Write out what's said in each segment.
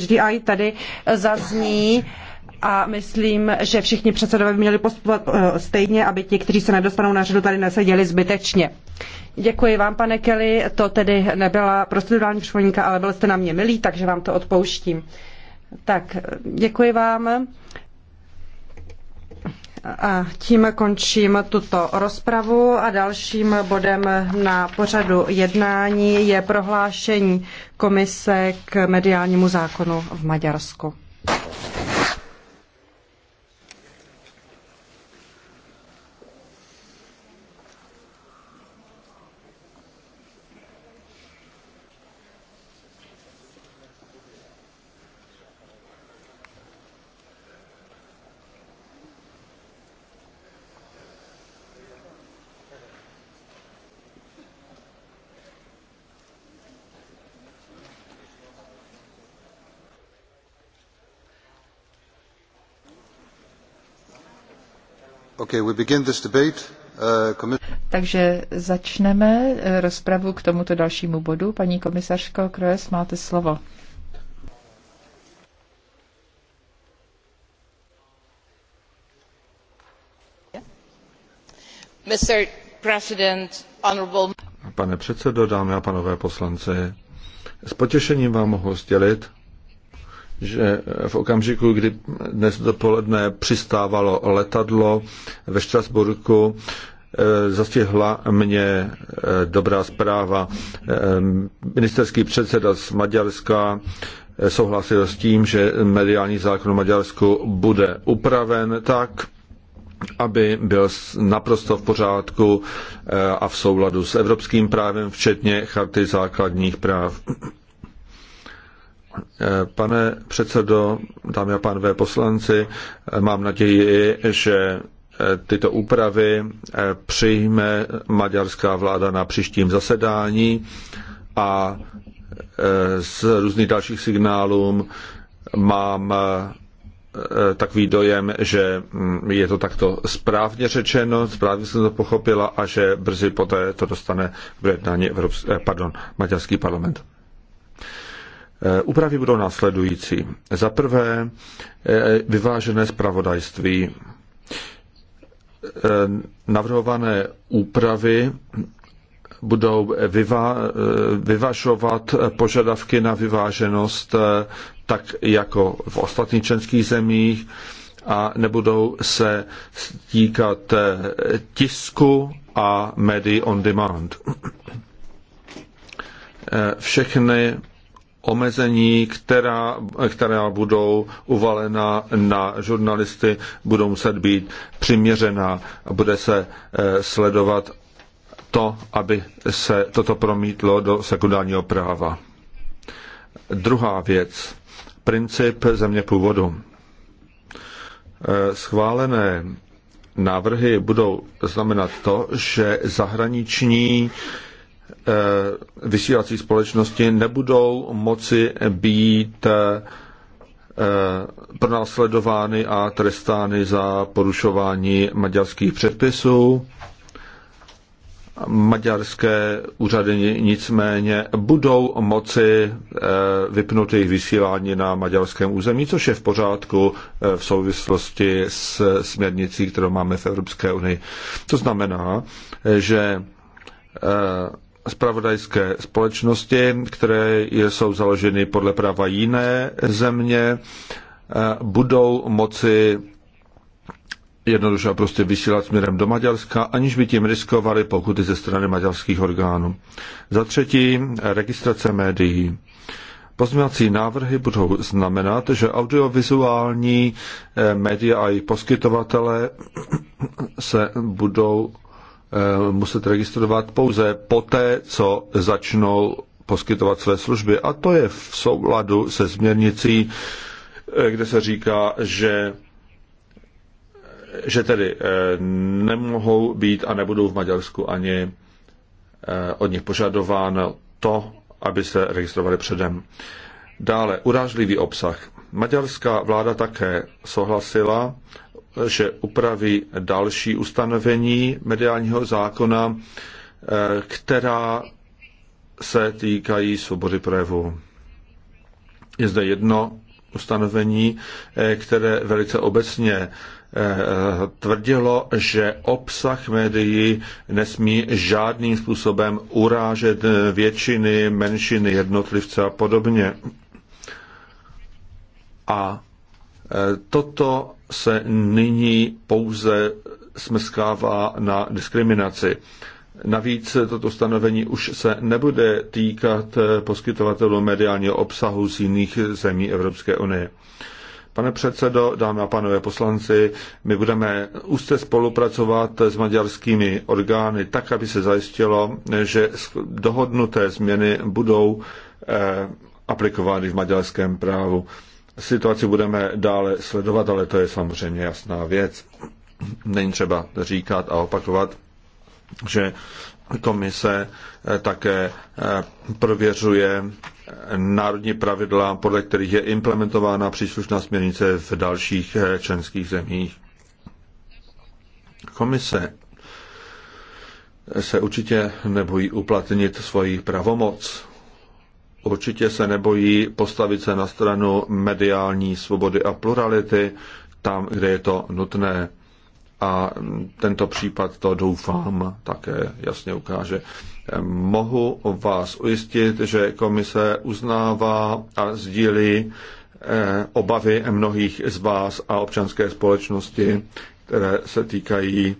HDI tady eh, zazní a myslím, že všichni předsedové by měli postupovat eh, stejně, aby ti, kteří se nedostanou na řadu, tady neseděli zbytečně. Děkuji vám, pane Kelly, to tedy nebyla procedurální připomínka, ale byl jste na mě milý, takže vám to odpouštím. Tak, eh, děkuji vám. A tím končím tuto rozpravu a dalším bodem na pořadu jednání je prohlášení komise k mediálnímu zákonu v Maďarsku. Uh, Takže začneme eh, rozpravu k tomuto dalšímu bodu. Paní komisařko Kroes, máte slovo. Pane předsedo, dámy a panové poslanci, s potěšením vám mohu sdělit, že v okamžiku, kdy dnes dopoledne přistávalo letadlo ve Štrasburku, eh, zastihla mě eh, dobrá zpráva. Eh, ministerský předseda z Maďarska souhlasil s tím, že mediální zákon v Maďarsku bude upraven tak, aby byl naprosto v pořádku a v souladu s evropským právem, včetně charty základních práv. Eh, pane předsedo, dámy a pánové poslanci, eh, mám naději, že eh, tyto úpravy přijme maďarská vláda na příštím zasedání a z různých dalších signálů mám takový dojem, že mm, je to takto správně řečeno, správně jsem to pochopila a že brzy poté to dostane v jednání Evropské, pardon, maďarský parlament. Eh, úpravy budou následující. Za prvé, eh, vyvážené zpravodajství. Eh, navrhované úpravy budou vyva, vyvažovat požadavky na vyváženost tak jako v ostatních členských zemích a nebudou se týkat tisku a médií on demand. Všechny omezení, která, která budou uvalena na žurnalisty, budou muset být přiměřená a bude se eh, sledovat to, aby se toto promítlo do sekundárního práva. Druhá věc. Princip země původu. Eh, schválené návrhy budou znamenat to, že zahraniční eh, Eh, vysílací společnosti nebudou moci být eh, pronásledovány a trestány za porušování maďarských předpisů. Maďarské úřady nicméně budou moci eh, vypnout jejich vysílání na maďarském území, což je v pořádku v souvislosti s směrnicí, kterou máme v Evropské unii. To znamená, že spravodajské společnosti, které jsou založeny podle práva jiné země, e, budou moci jednoduše a prostě vysílat směrem do Maďarska, aniž by tím riskovali pokuty ze strany maďarských orgánů. Za třetí, registrace médií. Pozměňovací návrhy budou znamenat, že audiovizuální e, média a jejich poskytovatele se budou Eh, muset registrovat pouze poté, co začnou poskytovat své služby. A to je v souladu se směrnicí, eh, kde se říká, že eh, že tedy nemohou být a nebudou v Maďarsku ani od nich požadováno to, aby se registrovali předem. Dále urážlivý obsah. Maďarská vláda také souhlasila že upraví další ustanovení mediálního zákona, eh, která se týkají svobody projevu. Je zde jedno ustanovení, eh, které velice obecně eh, tvrdilo, že obsah médií nesmí žádným způsobem urážet většiny, menšiny, jednotlivce a podobně. A toto se nyní pouze smrskává na diskriminaci. Navíc toto stanovení už se nebude týkat poskytovatelů mediálního obsahu z jiných zemí Evropské unie. Pane předsedo, dámy a pánové poslanci, my budeme úzce spolupracovat s maďarskými orgány tak, aby se zajistilo, že dohodnuté změny budou eh, aplikovány v maďarském právu. Situaci budeme dále sledovat, ale to je samozřejmě jasná věc. Není třeba říkat a opakovat, že komise eh, také eh, prověřuje eh, národní pravidla, podle kterých je implementována příslušná směrnice v dalších členských zemích. Komise se určitě nebojí uplatnit svoji pravomoc určitě se nebojí postavit se na stranu mediální svobody a plurality tam, kde je to nutné. A tento případ to doufám také jasně ukáže. Mohu vás ujistit, že komise uznává a sdílí eh, obavy mnohých z vás a občanské společnosti, které se týkají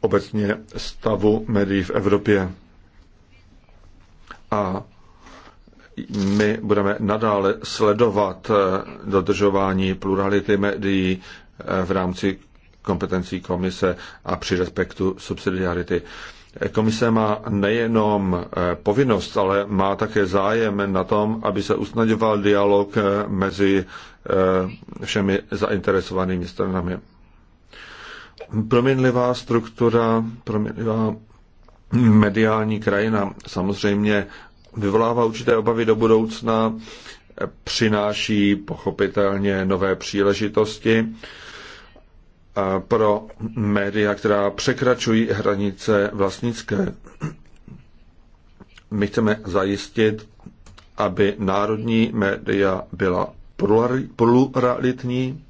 obecně stavu médií v Evropě. A my budeme nadále sledovat eh, dodržování plurality médií eh, v rámci kompetencí komise a při respektu subsidiarity. Komise má nejenom eh, povinnost, ale má také zájem na tom, aby se usnadňoval dialog mezi všemi zainteresovanými stranami. Proměnlivá struktura, proměnlivá mediální krajina samozřejmě vyvolává určité obavy do budoucna, přináší pochopitelně nové příležitosti pro média, která překračují hranice vlastnické. My chceme zajistit, aby národní média byla pluralitní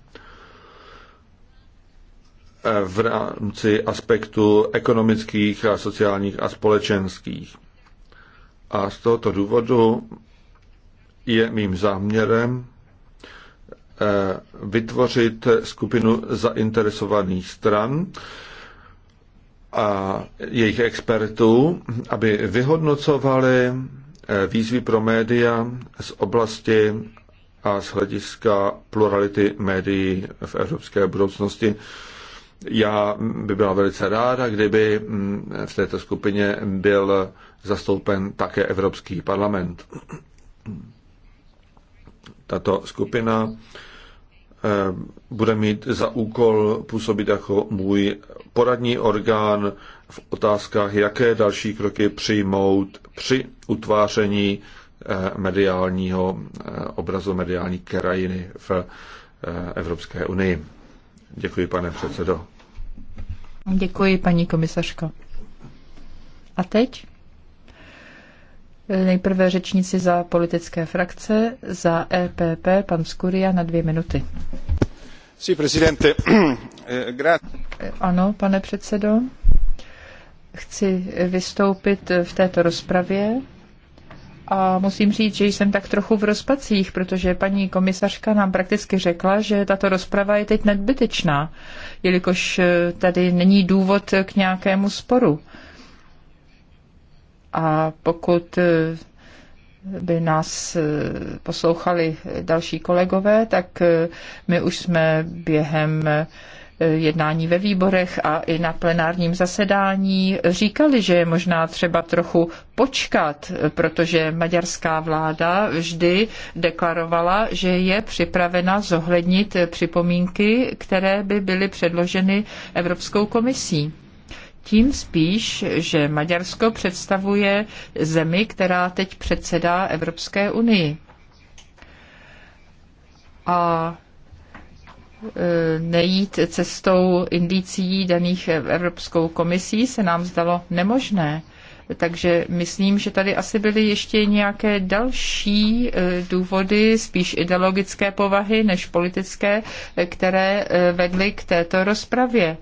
eh, v rámci aspektu ekonomických a sociálních a společenských a z tohoto důvodu je mým záměrem eh, vytvořit skupinu zainteresovaných stran a jejich expertů, aby vyhodnocovali eh, výzvy pro média z oblasti a z hlediska plurality médií v evropské budoucnosti. Já by byla velice ráda, kdyby mm, v této skupině byl zastoupen také Evropský parlament. Tato skupina eh, bude mít za úkol působit jako můj poradní orgán v otázkách, jaké další kroky přijmout při utváření eh, mediálního eh, obrazu mediální krajiny v Evropské unii. Děkuji, pane předsedo. Děkuji, paní komisařko. A teď? Eh, nejprve řečníci za politické frakce, za EPP, pan Skuria na dvě minuty. Sí, presidente. Eh, eh, ano, pane předsedo. Chci vystoupit v této rozpravě a musím říct, že jsem tak trochu v rozpacích, protože paní komisařka nám prakticky řekla, že tato rozprava je teď nadbytečná, jelikož eh, tady není důvod k nějakému sporu. A pokud eh, by nás eh, poslouchali další kolegové, tak my už jsme během Eh, jednání ve výborech a i na plenárním zasedání říkali, že je možná třeba trochu počkat, eh, protože maďarská vláda vždy deklarovala, že je připravena zohlednit eh, připomínky, které by byly předloženy Evropskou komisí tím spíš, že Maďarsko představuje zemi, která teď předsedá Evropské unii. A Eh, nejít cestou indicí daných Evropskou komisí se nám zdalo nemožné. Takže myslím, že tady asi byly ještě nějaké další eh, důvody, spíš ideologické povahy než politické, eh, které vedly k této rozpravě.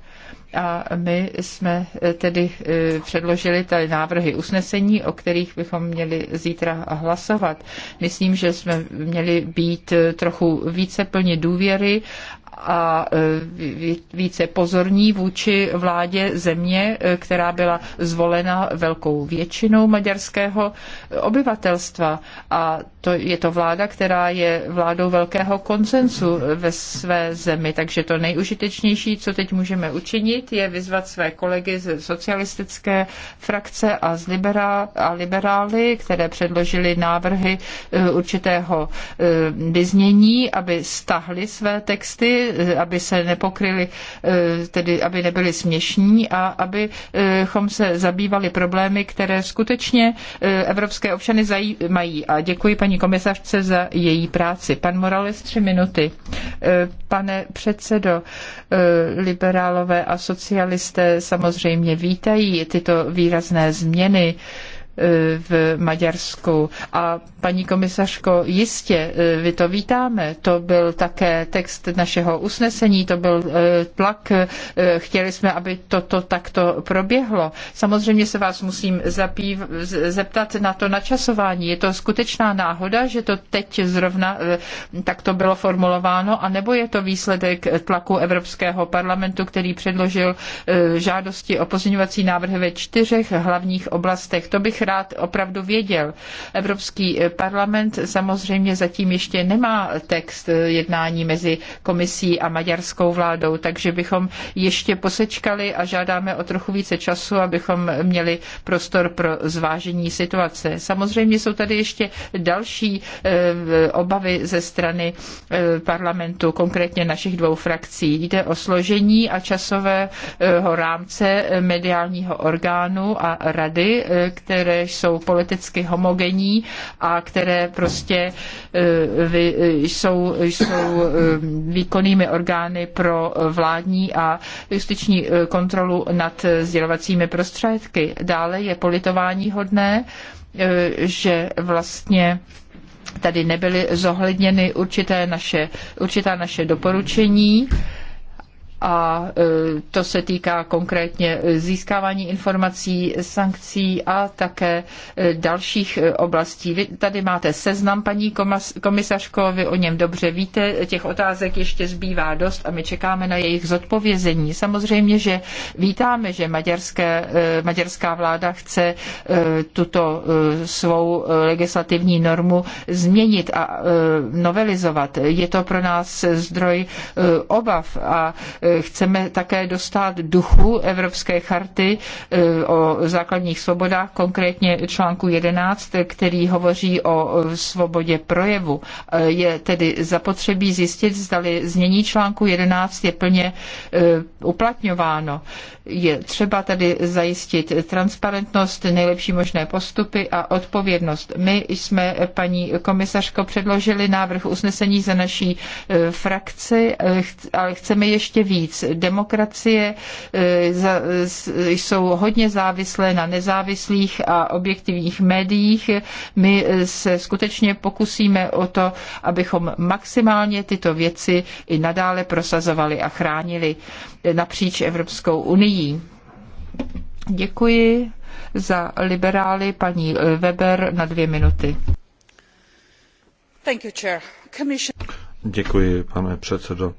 A my jsme tedy předložili tady návrhy usnesení, o kterých bychom měli zítra hlasovat. Myslím, že jsme měli být trochu více plně důvěry a e, více pozorní vůči vládě země, e, která byla zvolena velkou většinou maďarského obyvatelstva. A to je to vláda, která je vládou velkého konsensu ve své zemi. Takže to nejužitečnější, co teď můžeme učinit, je vyzvat své kolegy z socialistické frakce a, z liberá- a liberály, které předložili návrhy e, určitého vyznění, aby stahli své texty Eh, aby se nepokryly, eh, tedy aby nebyly směšní a abychom eh, se zabývali problémy, které skutečně evropské občany zajímají. A děkuji paní komisařce za její práci. Pan Morales, tři minuty. Pane předsedo, liberálové a socialisté samozřejmě vítají tyto výrazné změny v Maďarsku. A paní komisařko, jistě, e, vy to vítáme. To byl také text našeho usnesení, to byl e, tlak. E, chtěli jsme, aby toto takto proběhlo. Samozřejmě se vás musím zapív, zeptat na to načasování. Je to skutečná náhoda, že to teď zrovna takto bylo formulováno, anebo je to výsledek tlaku Evropského parlamentu, který předložil žádosti o pozměňovací návrhy ve čtyřech hlavních oblastech. To bych rád opravdu věděl. Evropský eh, parlament samozřejmě zatím ještě nemá text eh, jednání mezi komisí a maďarskou vládou, takže bychom ještě posečkali a žádáme o trochu více času, abychom měli prostor pro zvážení situace. Samozřejmě jsou tady ještě další eh, obavy ze strany parlamentu, konkrétně našich dvou frakcí. Jde o složení a časového rámce mediálního orgánu a rady, které které jsou politicky homogenní a které prostě eh, eh, jsou, jsou eh, výkonnými orgány pro vládní a justiční kontrolu nad sdělovacími prostředky. Dále je politování hodné, že vlastně tady nebyly zohledněny určité naše, určitá naše doporučení a e, to se týká konkrétně získávání informací, sankcí a také e, dalších e, oblastí. Vy tady máte seznam, paní komisařko, vy o něm dobře víte, těch otázek ještě zbývá dost a my čekáme na jejich zodpovězení. Samozřejmě, že vítáme, že maďarské, maďarská vláda chce tuto svou legislativní normu změnit a novelizovat. Je to pro nás zdroj obav a Chceme také dostat duchu Evropské charty eh, o základních svobodách, konkrétně článku 11, který hovoří o eh, svobodě projevu. Eh, je tedy zapotřebí zjistit, zdali znění článku 11 je plně uplatňováno. Je třeba tedy zajistit transparentnost, nejlepší možné postupy a odpovědnost. My jsme, paní komisařko, předložili návrh usnesení za naší frakci, ale chceme ještě víc hranic. Demokracie eh, jsou hodně závislé na nezávislých a objektivních médiích. My eh, se skutečně pokusíme o to, abychom maximálně tyto věci i nadále prosazovali a chránili napříč Evropskou unii. Děkuji za liberály paní eh, Weber na dvě minuty. Děkuji, pane předsedo.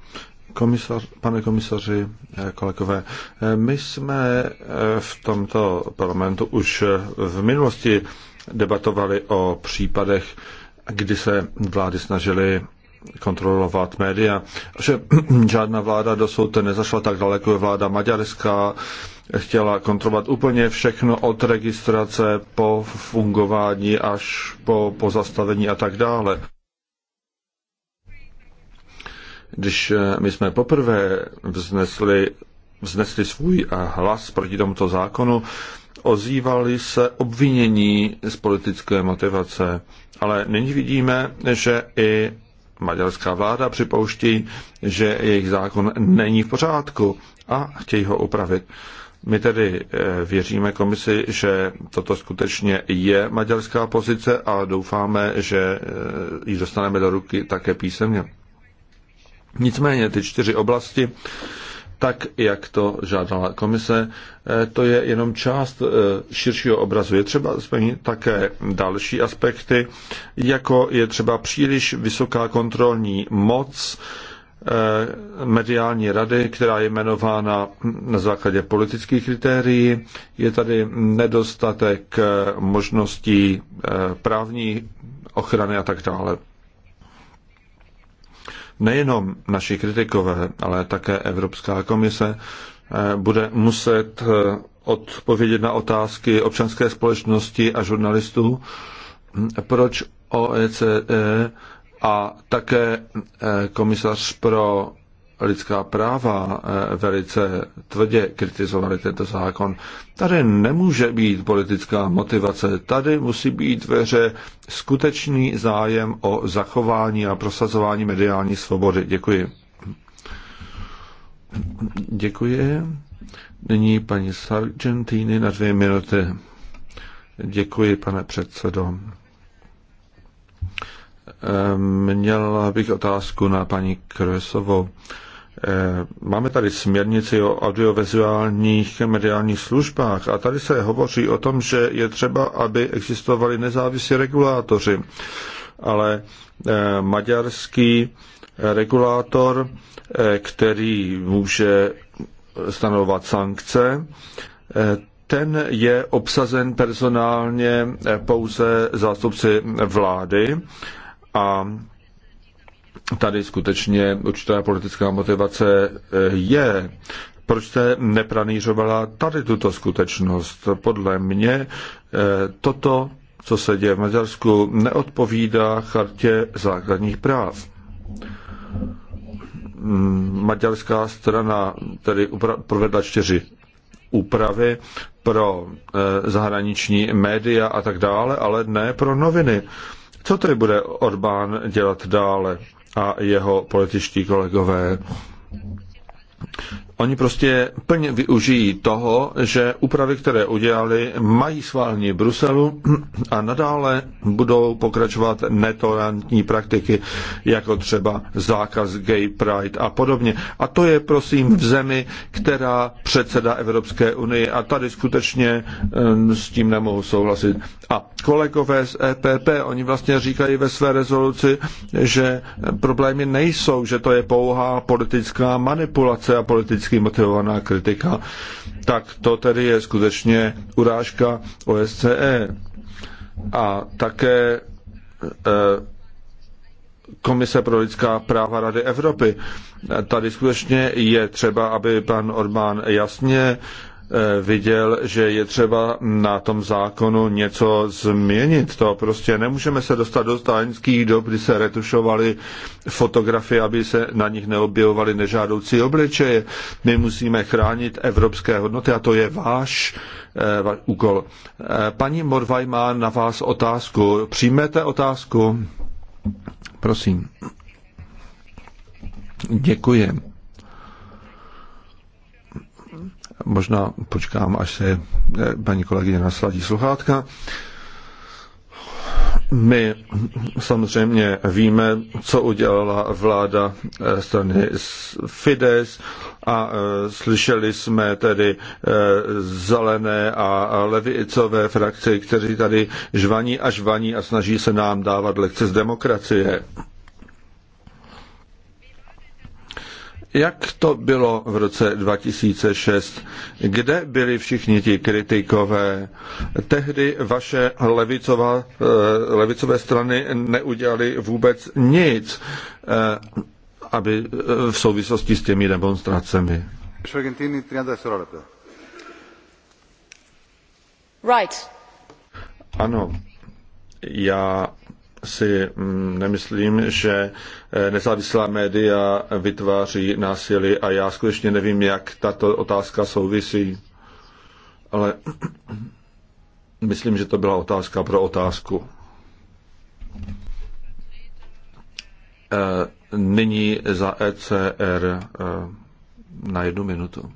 Komisař, pane komisaři, eh, kolegové, eh, my jsme eh, v tomto parlamentu už v minulosti debatovali o případech, kdy se vlády snažily kontrolovat média. Že žádná vláda dosud nezašla tak daleko, vláda maďarská chtěla kontrolovat úplně všechno od registrace po fungování až po pozastavení a tak dále. Když eh, my jsme poprvé vznesli, vznesli svůj eh, hlas proti tomuto zákonu, ozývali se obvinění z politické motivace. Ale nyní vidíme, že i maďarská vláda připouští, že jejich zákon není v pořádku a chtějí ho upravit. My tedy eh, věříme komisi, že toto skutečně je maďarská pozice a doufáme, že ji dostaneme do ruky také písemně. Nicméně ty čtyři oblasti, tak jak to žádala komise, eh, to je jenom část eh, širšího obrazu. Je třeba změnit také další aspekty, jako je třeba příliš vysoká kontrolní moc, eh, mediální rady, která je jmenována na základě politických kritérií. Je tady nedostatek možností právní ochrany a tak dále nejenom naši kritikové, ale také Evropská komise eh, bude muset eh, odpovědět na otázky občanské společnosti a žurnalistů, proč OECD e a také eh, komisař pro lidská práva eh, velice tvrdě kritizovali tento zákon. Tady nemůže být politická motivace, tady musí být ve hře skutečný zájem o zachování a prosazování mediální svobody. Děkuji. Děkuji. Nyní paní Sargentini na dvě minuty. Děkuji, pane předsedo. Měla bych otázku na paní Kresovou. Eh, máme tady směrnici o audiovizuálních mediálních službách a tady se hovoří o tom, že je třeba, aby existovali nezávislí regulátoři. Ale eh, maďarský eh, regulátor, který může stanovovat sankce, ten je obsazen personálně pouze zástupci vlády a tady skutečně určitá politická motivace eh, je. Proč jste nepranířovala tady tuto skutečnost? Podle mě eh, toto, co se děje v Maďarsku, neodpovídá chartě základních práv. Mm, maďarská strana tedy provedla čtyři úpravy pro eh, zahraniční média a tak dále, ale ne pro noviny. Co tedy bude Orbán dělat dále? a jeho političtí kolegové. Oni prostě plně využijí toho, že úpravy, které udělali, mají schválení Bruselu a nadále budou pokračovat netolerantní praktiky, jako třeba zákaz gay pride a podobně. A to je, prosím, v zemi, která předseda Evropské unii a tady skutečně eh, s tím nemohu souhlasit. A kolegové z EPP, oni vlastně říkají ve své rezoluci, že problémy nejsou, že to je pouhá politická manipulace a politická politicky motivovaná kritika, tak to tedy je skutečně urážka OSCE. A také e, Komise pro lidská práva Rady Evropy. Tady skutečně je třeba, aby pan Orbán jasně Eh, viděl, že je třeba na tom zákonu něco změnit. To prostě nemůžeme se dostat do stáňských dob, kdy se retušovaly fotografie, aby se na nich neobjevovaly nežádoucí obličeje. My musíme chránit evropské hodnoty a to je váš eh, úkol. Eh, paní Morvaj má na vás otázku. Přijmete otázku? Prosím. Děkuji. Možná počkám, až se eh, paní kolegyně nasladí sluchátka. My samozřejmě víme, co udělala vláda eh, strany Fides a eh, slyšeli jsme tedy zelené a levicové frakce, kteří tady žvaní a žvaní a snaží se nám dávat lekce z demokracie. jak to bylo v roce 2006, kde byli všichni ti kritikové. Tehdy vaše levicová, eh, levicové strany neudělali vůbec nic eh, aby eh, v souvislosti s těmi demonstracemi. Right. Ano, já si mm, nemyslím, že eh, nezávislá média vytváří násilí a já skutečně nevím, jak tato otázka souvisí. Ale myslím, že to byla otázka pro otázku. Eh, nyní za ECR eh, na jednu minutu.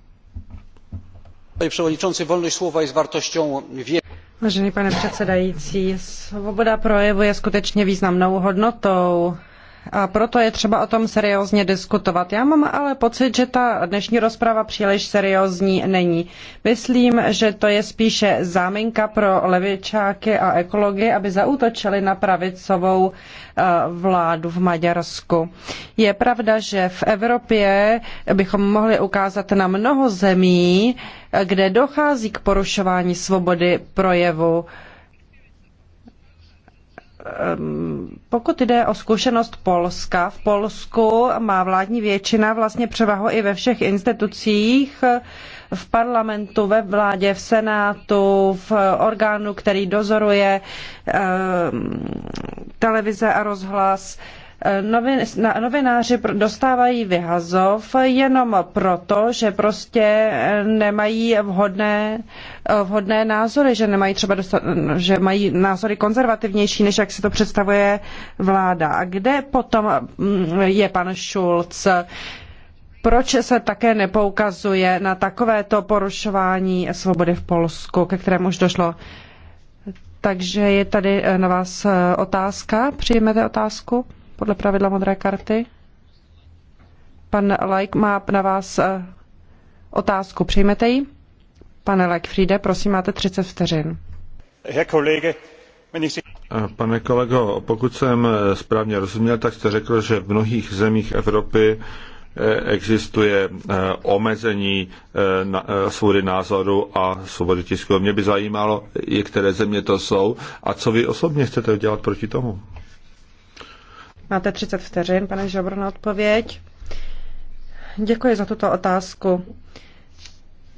Panie przewodniczący, wolność słowa jest wartością wielką. Vážený pane předsedající, svoboda projevu je skutečně významnou hodnotou a proto je třeba o tom seriózně diskutovat. Já mám ale pocit, že ta dnešní rozprava příliš seriózní není. Myslím, že to je spíše záminka pro levičáky a ekology, aby zaútočili na pravicovou eh, vládu v Maďarsku. Je pravda, že v Evropě bychom mohli ukázat na mnoho zemí, eh, kde dochází k porušování svobody projevu Ehm, pokud jde o zkušenost Polska, v Polsku má vládní většina vlastně převahu i ve všech institucích, v parlamentu, ve vládě, v senátu, v orgánu, který dozoruje ehm, televize a rozhlas novináři dostávají vyhazov jenom proto, že prostě nemají vhodné, vhodné názory, že nemají třeba dostat, že mají názory konzervativnější, než jak si to představuje vláda. A kde potom mm, je pan Schulz? Proč se také nepoukazuje na takovéto porušování svobody v Polsku, ke kterému už došlo? Takže je tady eh, na vás eh, otázka. Přijmete otázku? podle pravidla modré karty. Pan Lajk má na vás eh, otázku. Přijmete ji? Pane Friede, prosím, máte 30 vteřin. Pane kolego, pokud jsem eh, správně rozuměl, tak jste řekl, že v mnohých zemích Evropy eh, existuje omezení svobody názoru a svobody tisku. Mě by zajímalo, které země to jsou a co vy osobně chcete dělat proti tomu. Máte 30 vteřin, pane Žobro, na odpověď. Děkuji za tuto otázku.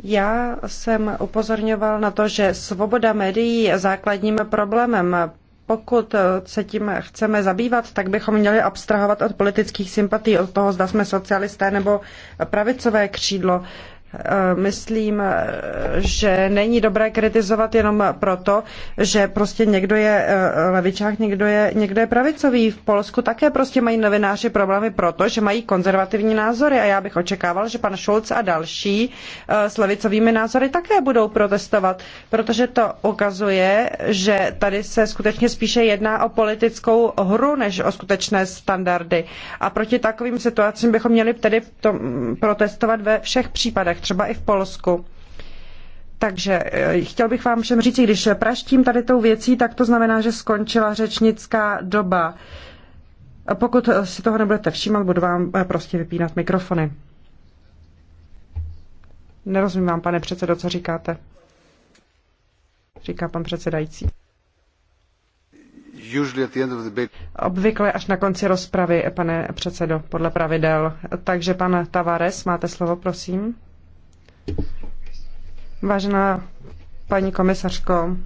Já jsem upozorňoval na to, že svoboda médií je základním problémem. Pokud se tím chceme zabývat, tak bychom měli abstrahovat od politických sympatí, od toho, zda jsme socialisté nebo pravicové křídlo. Eh, myslím, že není dobré kritizovat jenom proto, že prostě někdo je eh, levičák, někdo je, někdo je pravicový. V Polsku také prostě mají novináři problémy proto, že mají konzervativní názory a já bych očekával, že pan Schulz a další eh, s levicovými názory také budou protestovat, protože to ukazuje, že tady se skutečně spíše jedná o politickou hru než o skutečné standardy. A proti takovým situacím bychom měli tedy protestovat ve všech případech třeba i v Polsku. Takže e, chtěl bych vám všem říct, když praštím tady tou věcí, tak to znamená, že skončila řečnická doba. Pokud si toho nebudete všímat, budu vám e, prostě vypínat mikrofony. Nerozumím vám, pane předsedo, co říkáte. Říká pan předsedající. Obvykle až na konci rozpravy, pane předsedo, podle pravidel. Takže pan Tavares, máte slovo, prosím. Vážená paní komisařko,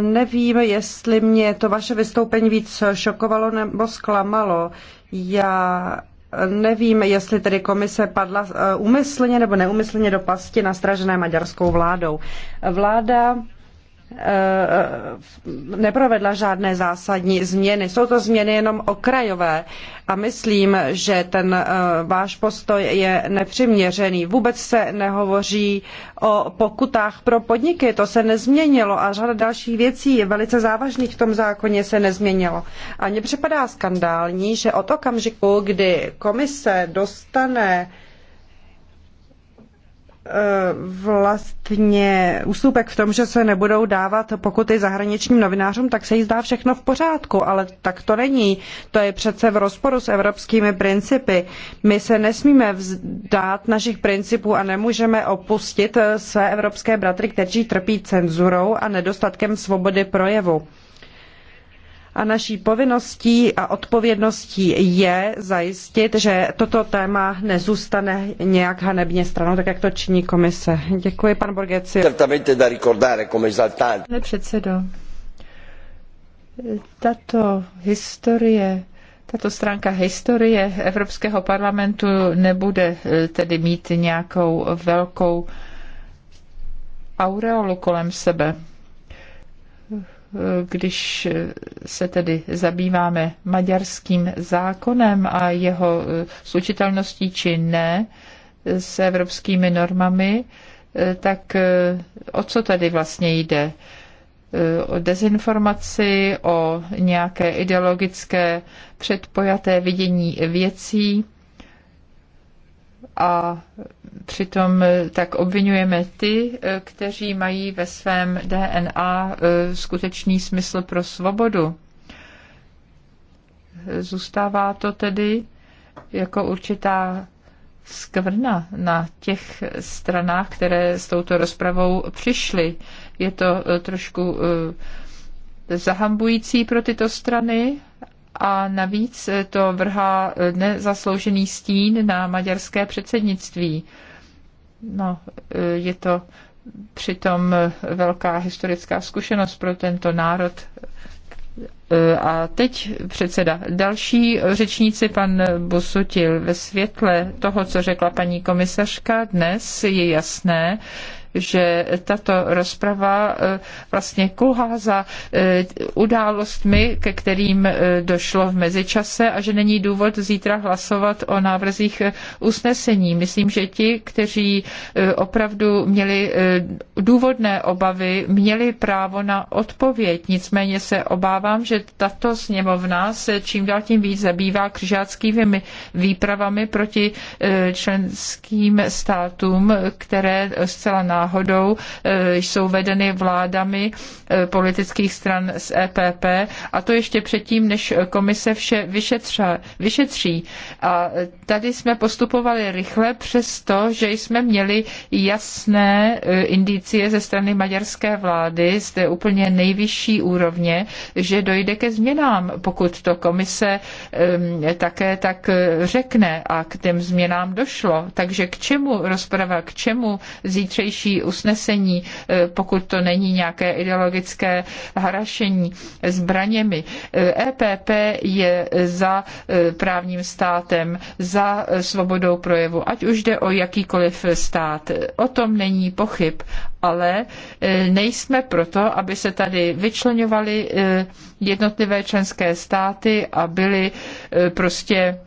Nevím, jestli mě to vaše vystoupení víc šokovalo nebo zklamalo. Já nevím, jestli tedy komise padla eh, úmyslně nebo neúmyslně do pasti nastražené maďarskou vládou. Vláda Eh, neprovedla žádné zásadní změny. Jsou to změny jenom okrajové a myslím, že ten eh, váš postoj je nepřiměřený. Vůbec se nehovoří o pokutách pro podniky, to se nezměnilo a řada dalších věcí velice závažných v tom zákoně se nezměnilo. A mně připadá skandální, že od okamžiku, kdy komise dostane Eh, vlastně ústupek v tom, že se nebudou dávat pokuty zahraničním novinářům, tak se jí zdá všechno v pořádku, ale tak to není. To je přece v rozporu s evropskými principy. My se nesmíme vzdát našich principů a nemůžeme opustit eh, své evropské bratry, kteří trpí cenzurou a nedostatkem svobody projevu a naší povinností a odpovědností je zajistit, že toto téma nezůstane nějak hanebně stranou, tak jak to činí komise. Děkuji, pan Borgeci. Pane předsedo, tato historie tato stránka historie Evropského parlamentu nebude eh, tedy mít nějakou velkou aureolu kolem sebe když se tedy zabýváme maďarským zákonem a jeho eh, slučitelností či ne eh, s evropskými normami, eh, tak o co tady vlastně jde? O dezinformaci, o nějaké ideologické předpojaté vidění věcí, a přitom eh, tak obvinujeme ty, eh, kteří mají ve svém DNA eh, skutečný smysl pro svobodu. Zůstává to tedy jako určitá skvrna na těch stranách, které s touto rozpravou přišly. Je to trošku zahambující pro tyto strany a navíc to vrhá eh, nezasloužený stín na maďarské předsednictví. No, eh, je to přitom eh, velká historická zkušenost pro tento národ. A teď předseda. Další řečníci, pan Busutil, ve světle toho, co řekla paní komisařka dnes, je jasné, že tato rozprava eh, vlastně kulhá za eh, událostmi, ke kterým eh, došlo v mezičase a že není důvod zítra hlasovat o návrzích usnesení. Myslím, že ti, kteří opravdu měli důvodné obavy, měli právo na odpověď. Nicméně se obávám, že tato sněmovna se čím dál tím víc zabývá křižáckými výpravami proti členským státům, které zcela náhodou náhodou eh, jsou vedeny vládami eh, politických stran z EPP a to ještě předtím, než komise vše vyšetře, vyšetří. A eh, tady jsme postupovali rychle, přesto, že jsme měli jasné indicie ze strany maďarské vlády z té úplně nejvyšší úrovně, že dojde ke změnám, pokud to komise ehm, také tak řekne a k těm změnám došlo. Takže k čemu rozprava, k čemu zítřejší další usnesení, eh, pokud to není nějaké ideologické harašení zbraněmi. EPP eh, e je za eh, právním státem, za svobodou projevu, ať už jde o jakýkoliv stát. O tom není pochyb, ale nejsme proto, aby se tady vyčlenovaly jednotlivé členské státy a byly prostě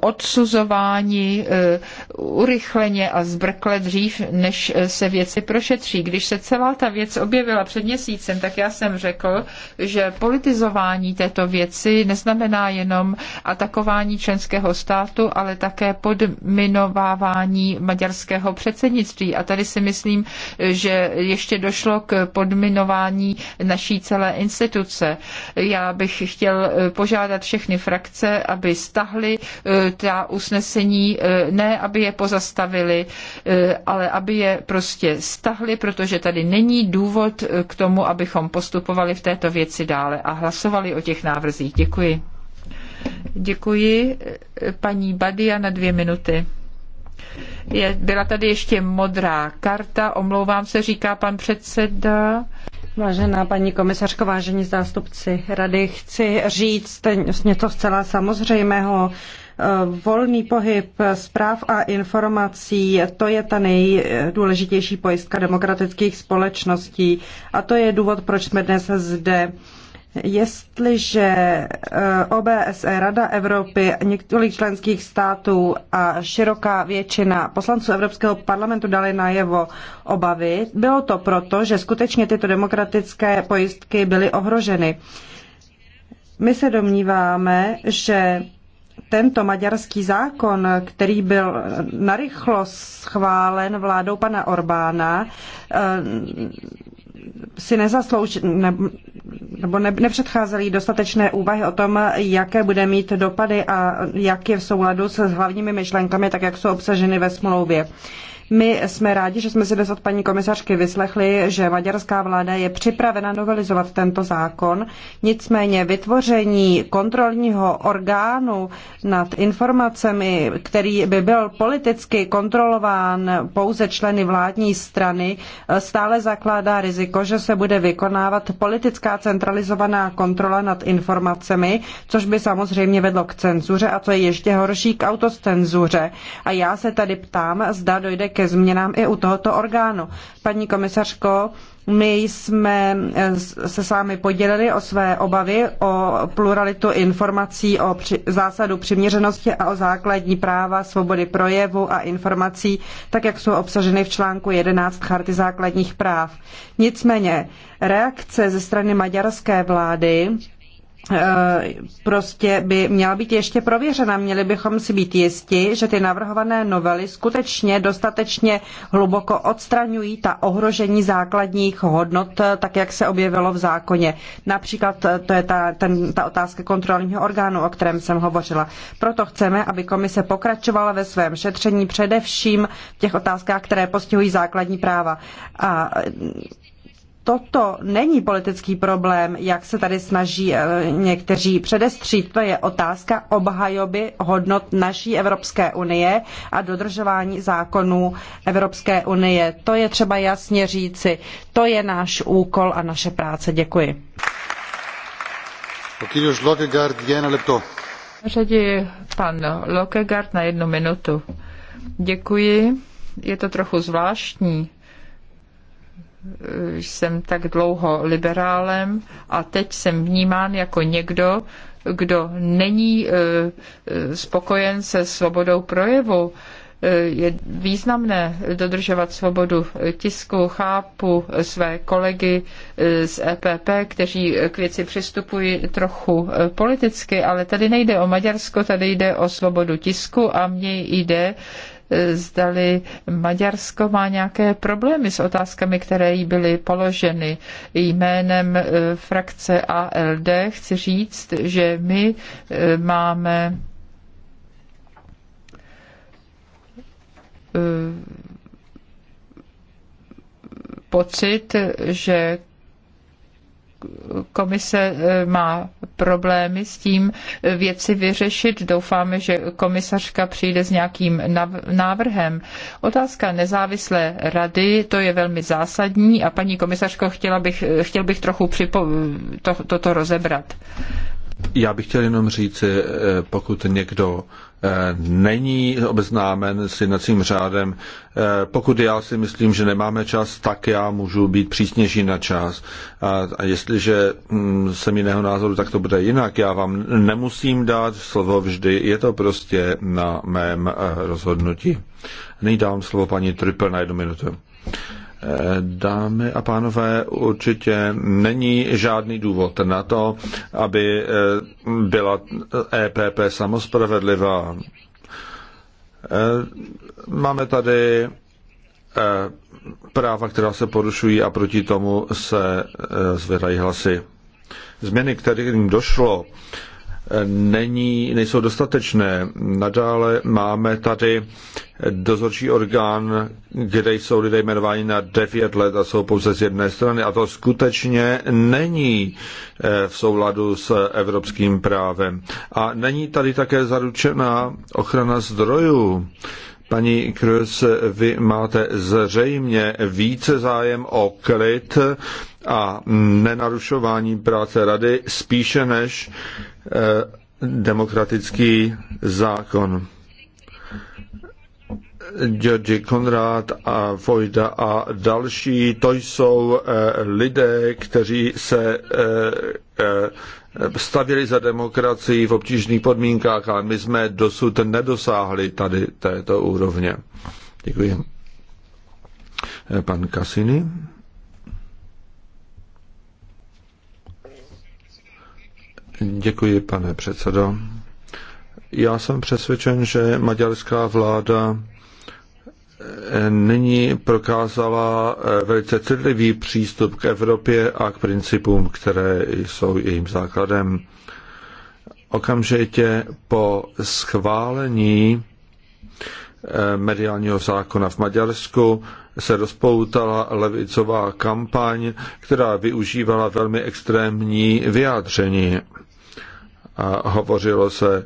odsuzováni eh, urychleně a zbrkle dřív, než eh, se věci prošetří. Když se celá ta věc objevila před měsícem, tak já jsem řekl, že politizování této věci neznamená jenom atakování členského státu, ale také podminovávání maďarského předsednictví. A tady si myslím, že ještě došlo k podminování naší celé instituce. Já bych chtěl eh, požádat všechny frakce, aby stahly Eh, ta usnesení, eh, ne aby je pozastavili, eh, ale aby je prostě stahli, protože tady není důvod k tomu, abychom postupovali v této věci dále a hlasovali o těch návrzích. Děkuji. Děkuji paní Badia na dvě minuty. Je, byla tady ještě modrá karta, omlouvám se, říká pan předseda. Vážená paní komisařko, vážení zástupci rady, chci říct něco zcela samozřejmého. Eh, volný pohyb zpráv a informací, to je ta nejdůležitější pojistka demokratických společností a to je důvod, proč jsme dnes zde. Jestliže eh, OBSE, Rada Evropy, několik členských států a široká většina poslanců Evropského parlamentu dali najevo obavy, bylo to proto, že skutečně tyto demokratické pojistky byly ohroženy. My se domníváme, že tento maďarský zákon, který byl narychlo schválen vládou pana Orbána, eh, si nezaslouží, ne, nebo ne, nepředcházely dostatečné úvahy o tom, jaké bude mít dopady a jak je v souladu s hlavními myšlenkami, tak jak jsou obsaženy ve smlouvě. My jsme rádi, že jsme si dnes od paní komisařky vyslechli, že maďarská vláda je připravena novelizovat tento zákon. Nicméně vytvoření kontrolního orgánu nad informacemi, který by byl politicky kontrolován pouze členy vládní strany, stále zakládá riziko, že se bude vykonávat politická centralizovaná kontrola nad informacemi, což by samozřejmě vedlo k cenzuře a co je ještě horší k autocenzuře. A já se tady ptám, zda dojde k ke změnám i u tohoto orgánu. Paní komisařko, my jsme se s vámi podělili o své obavy, o pluralitu informací, o při, zásadu přiměřenosti a o základní práva, svobody projevu a informací, tak jak jsou obsaženy v článku 11 Charty základních práv. Nicméně reakce ze strany maďarské vlády Eh, prostě by měla být ještě prověřena. Měli bychom si být jisti, že ty navrhované novely skutečně dostatečně hluboko odstraňují ta ohrožení základních hodnot, eh, tak jak se objevilo v zákoně. Například eh, to je ta, ten, ta otázka kontrolního orgánu, o kterém jsem hovořila. Proto chceme, aby komise pokračovala ve svém šetření především v těch otázkách, které postihují základní práva. A toto není politický problém, jak se tady snaží eh, někteří předestřít. To je otázka obhajoby hodnot naší Evropské unie a dodržování zákonů Evropské unie. To je třeba jasně říci. To je náš úkol a naše práce. Děkuji. Řadí pan Lokegard na jednu minutu. Děkuji. Je to trochu zvláštní, jsem tak dlouho liberálem a teď jsem vnímán jako někdo, kdo není e, e, spokojen se svobodou projevu e, je významné dodržovat svobodu tisku. Chápu své kolegy z EPP, kteří k věci přistupují trochu politicky, ale tady nejde o Maďarsko, tady jde o svobodu tisku a mně jde zdali Maďarsko má nějaké problémy s otázkami, které jí byly položeny. Jménem eh, frakce ALD chci říct, že my eh, máme eh, pocit, že komise eh, má problémy s tím eh, věci vyřešit. Doufáme, že komisařka přijde s nějakým návrhem. Otázka nezávislé rady, to je velmi zásadní a paní komisařko, chtěla bych, eh, chtěl bych trochu připo- to, toto rozebrat. Já bych chtěl jenom říci, eh, pokud někdo eh, není obeznámen s jednacím řádem, eh, pokud já si myslím, že nemáme čas, tak já můžu být přísnější na čas. A jestliže mm, jsem jiného názoru, tak to bude jinak. Já vám nemusím dát slovo vždy, je to prostě na mém rozhodnutí. Nyní dám slovo paní Trypel na jednu minutu. Dámy a pánové, určitě není žádný důvod na to, aby eh, byla EPP samospravedlivá. Eh, máme tady eh, práva, která se porušují a proti tomu se zvedají hlasy. Změny, kterým došlo, není, nejsou dostatečné. Nadále máme tady dozorčí orgán, kde jsou lidé jmenováni na 9 let a jsou pouze z jedné strany. A to skutečně není eh, v souladu s evropským právem. A není tady také zaručená ochrana zdrojů. Paní Krus, vy máte zřejmě více zájem o klid a nenarušování práce rady spíše než Eh, demokratický zákon. Georgi Konrad a Vojda a další, to jsou eh, lidé, kteří se eh, stavili za demokracii v obtížných podmínkách, ale my jsme dosud nedosáhli tady této úrovně. Děkuji. Pan Kasiny. Děkuji, pane předsedo. Já jsem přesvědčen, že maďarská vláda eh, nyní prokázala eh, velice citlivý přístup k Evropě a k principům, které jsou jejím základem. Okamžitě po schválení eh, mediálního zákona v Maďarsku se rozpoutala levicová kampaň, která využívala velmi extrémní vyjádření a hovořilo se e,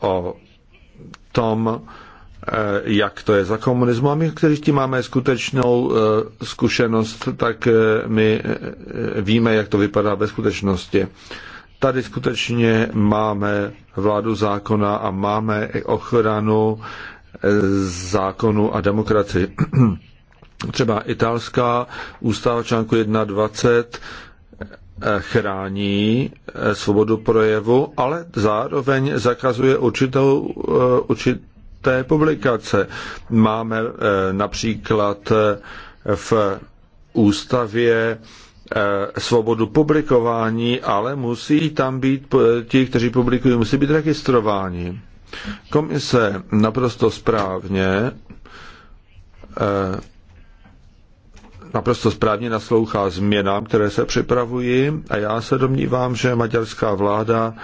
o tom, e, jak to je za komunismu. A my, kteří tím máme skutečnou e, zkušenost, tak my víme, jak to vypadá ve skutečnosti. Tady skutečně máme vládu zákona a máme ochranu zákonu a demokracii. Třeba italská ústava článku 21 chrání eh, svobodu projevu, ale zároveň zakazuje určitou, eh, určité publikace. Máme eh, například v ústavě svobodu publikování, ale musí tam být ti, kteří publikují, musí být registrováni. Komise naprosto správně naprosto správně naslouchá změnám, které se připravují a já se domnívám, že maďarská vláda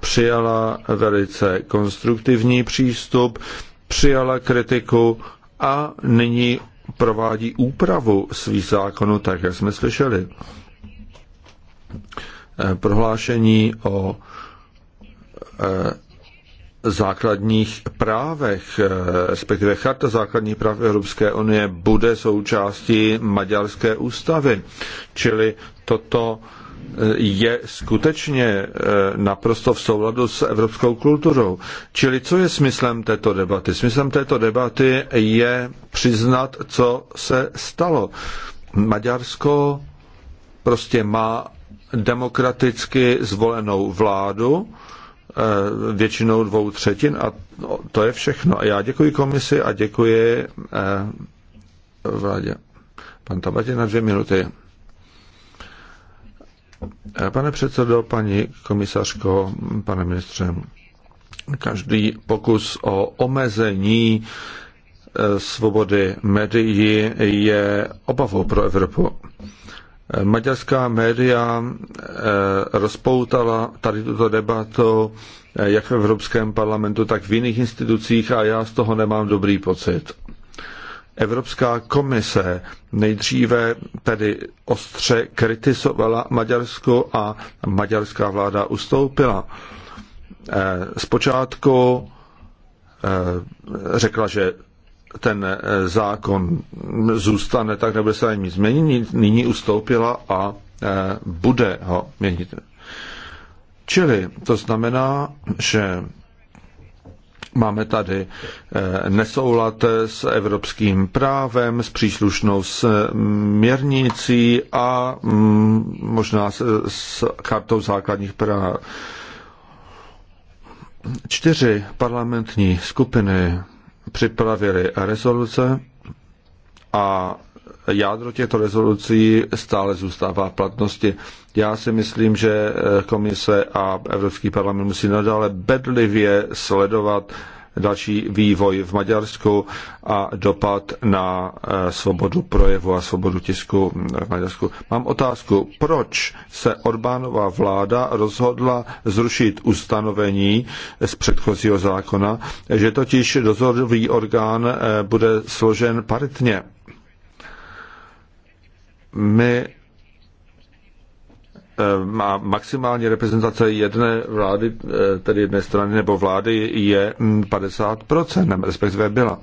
přijala velice konstruktivní přístup, přijala kritiku a nyní provádí úpravu svých zákonů, tak jak jsme slyšeli. Eh, prohlášení o eh, základních právech, eh, respektive Charta základních práv Evropské unie bude součástí maďarské ústavy. Čili toto eh, je skutečně eh, naprosto v souladu s evropskou kulturou. Čili co je smyslem této debaty? Smyslem této debaty je přiznat, co se stalo. Maďarsko prostě má demokraticky zvolenou vládu, Eh, většinou dvou třetin a no, to je všechno. A já děkuji komisi a děkuji eh, vládě. Pan Tabatě na dvě minuty. Eh, pane předsedo, paní komisařko, pane ministře, každý pokus o omezení svobody médií je obavou pro Evropu. Maďarská média eh, rozpoutala tady tuto debatu eh, jak v Evropském parlamentu, tak v jiných institucích a já z toho nemám dobrý pocit. Evropská komise nejdříve tedy ostře kritizovala Maďarsko a maďarská vláda ustoupila. Eh, zpočátku řekla, že ten eh, zákon zůstane tak, nebude se ani nic změnit, nyní ustoupila a eh, bude ho měnit. Čili to znamená, že máme tady eh, nesoulad s evropským právem, s příslušnou směrnicí a mm, možná s kartou základních práv. Čtyři parlamentní skupiny připravili rezoluce a jádro těchto rezolucí stále zůstává v platnosti. Já si myslím, že komise a Evropský parlament musí nadále bedlivě sledovat další vývoj v Maďarsku a dopad na eh, svobodu projevu a svobodu tisku eh, v Maďarsku. Mám otázku, proč se Orbánova vláda rozhodla zrušit ustanovení z předchozího zákona, že totiž dozorový orgán eh, bude složen paritně? My Eh, má maximální reprezentace jedné vlády, eh, tedy jedné strany nebo vlády, je 50%, hm, respektive byla.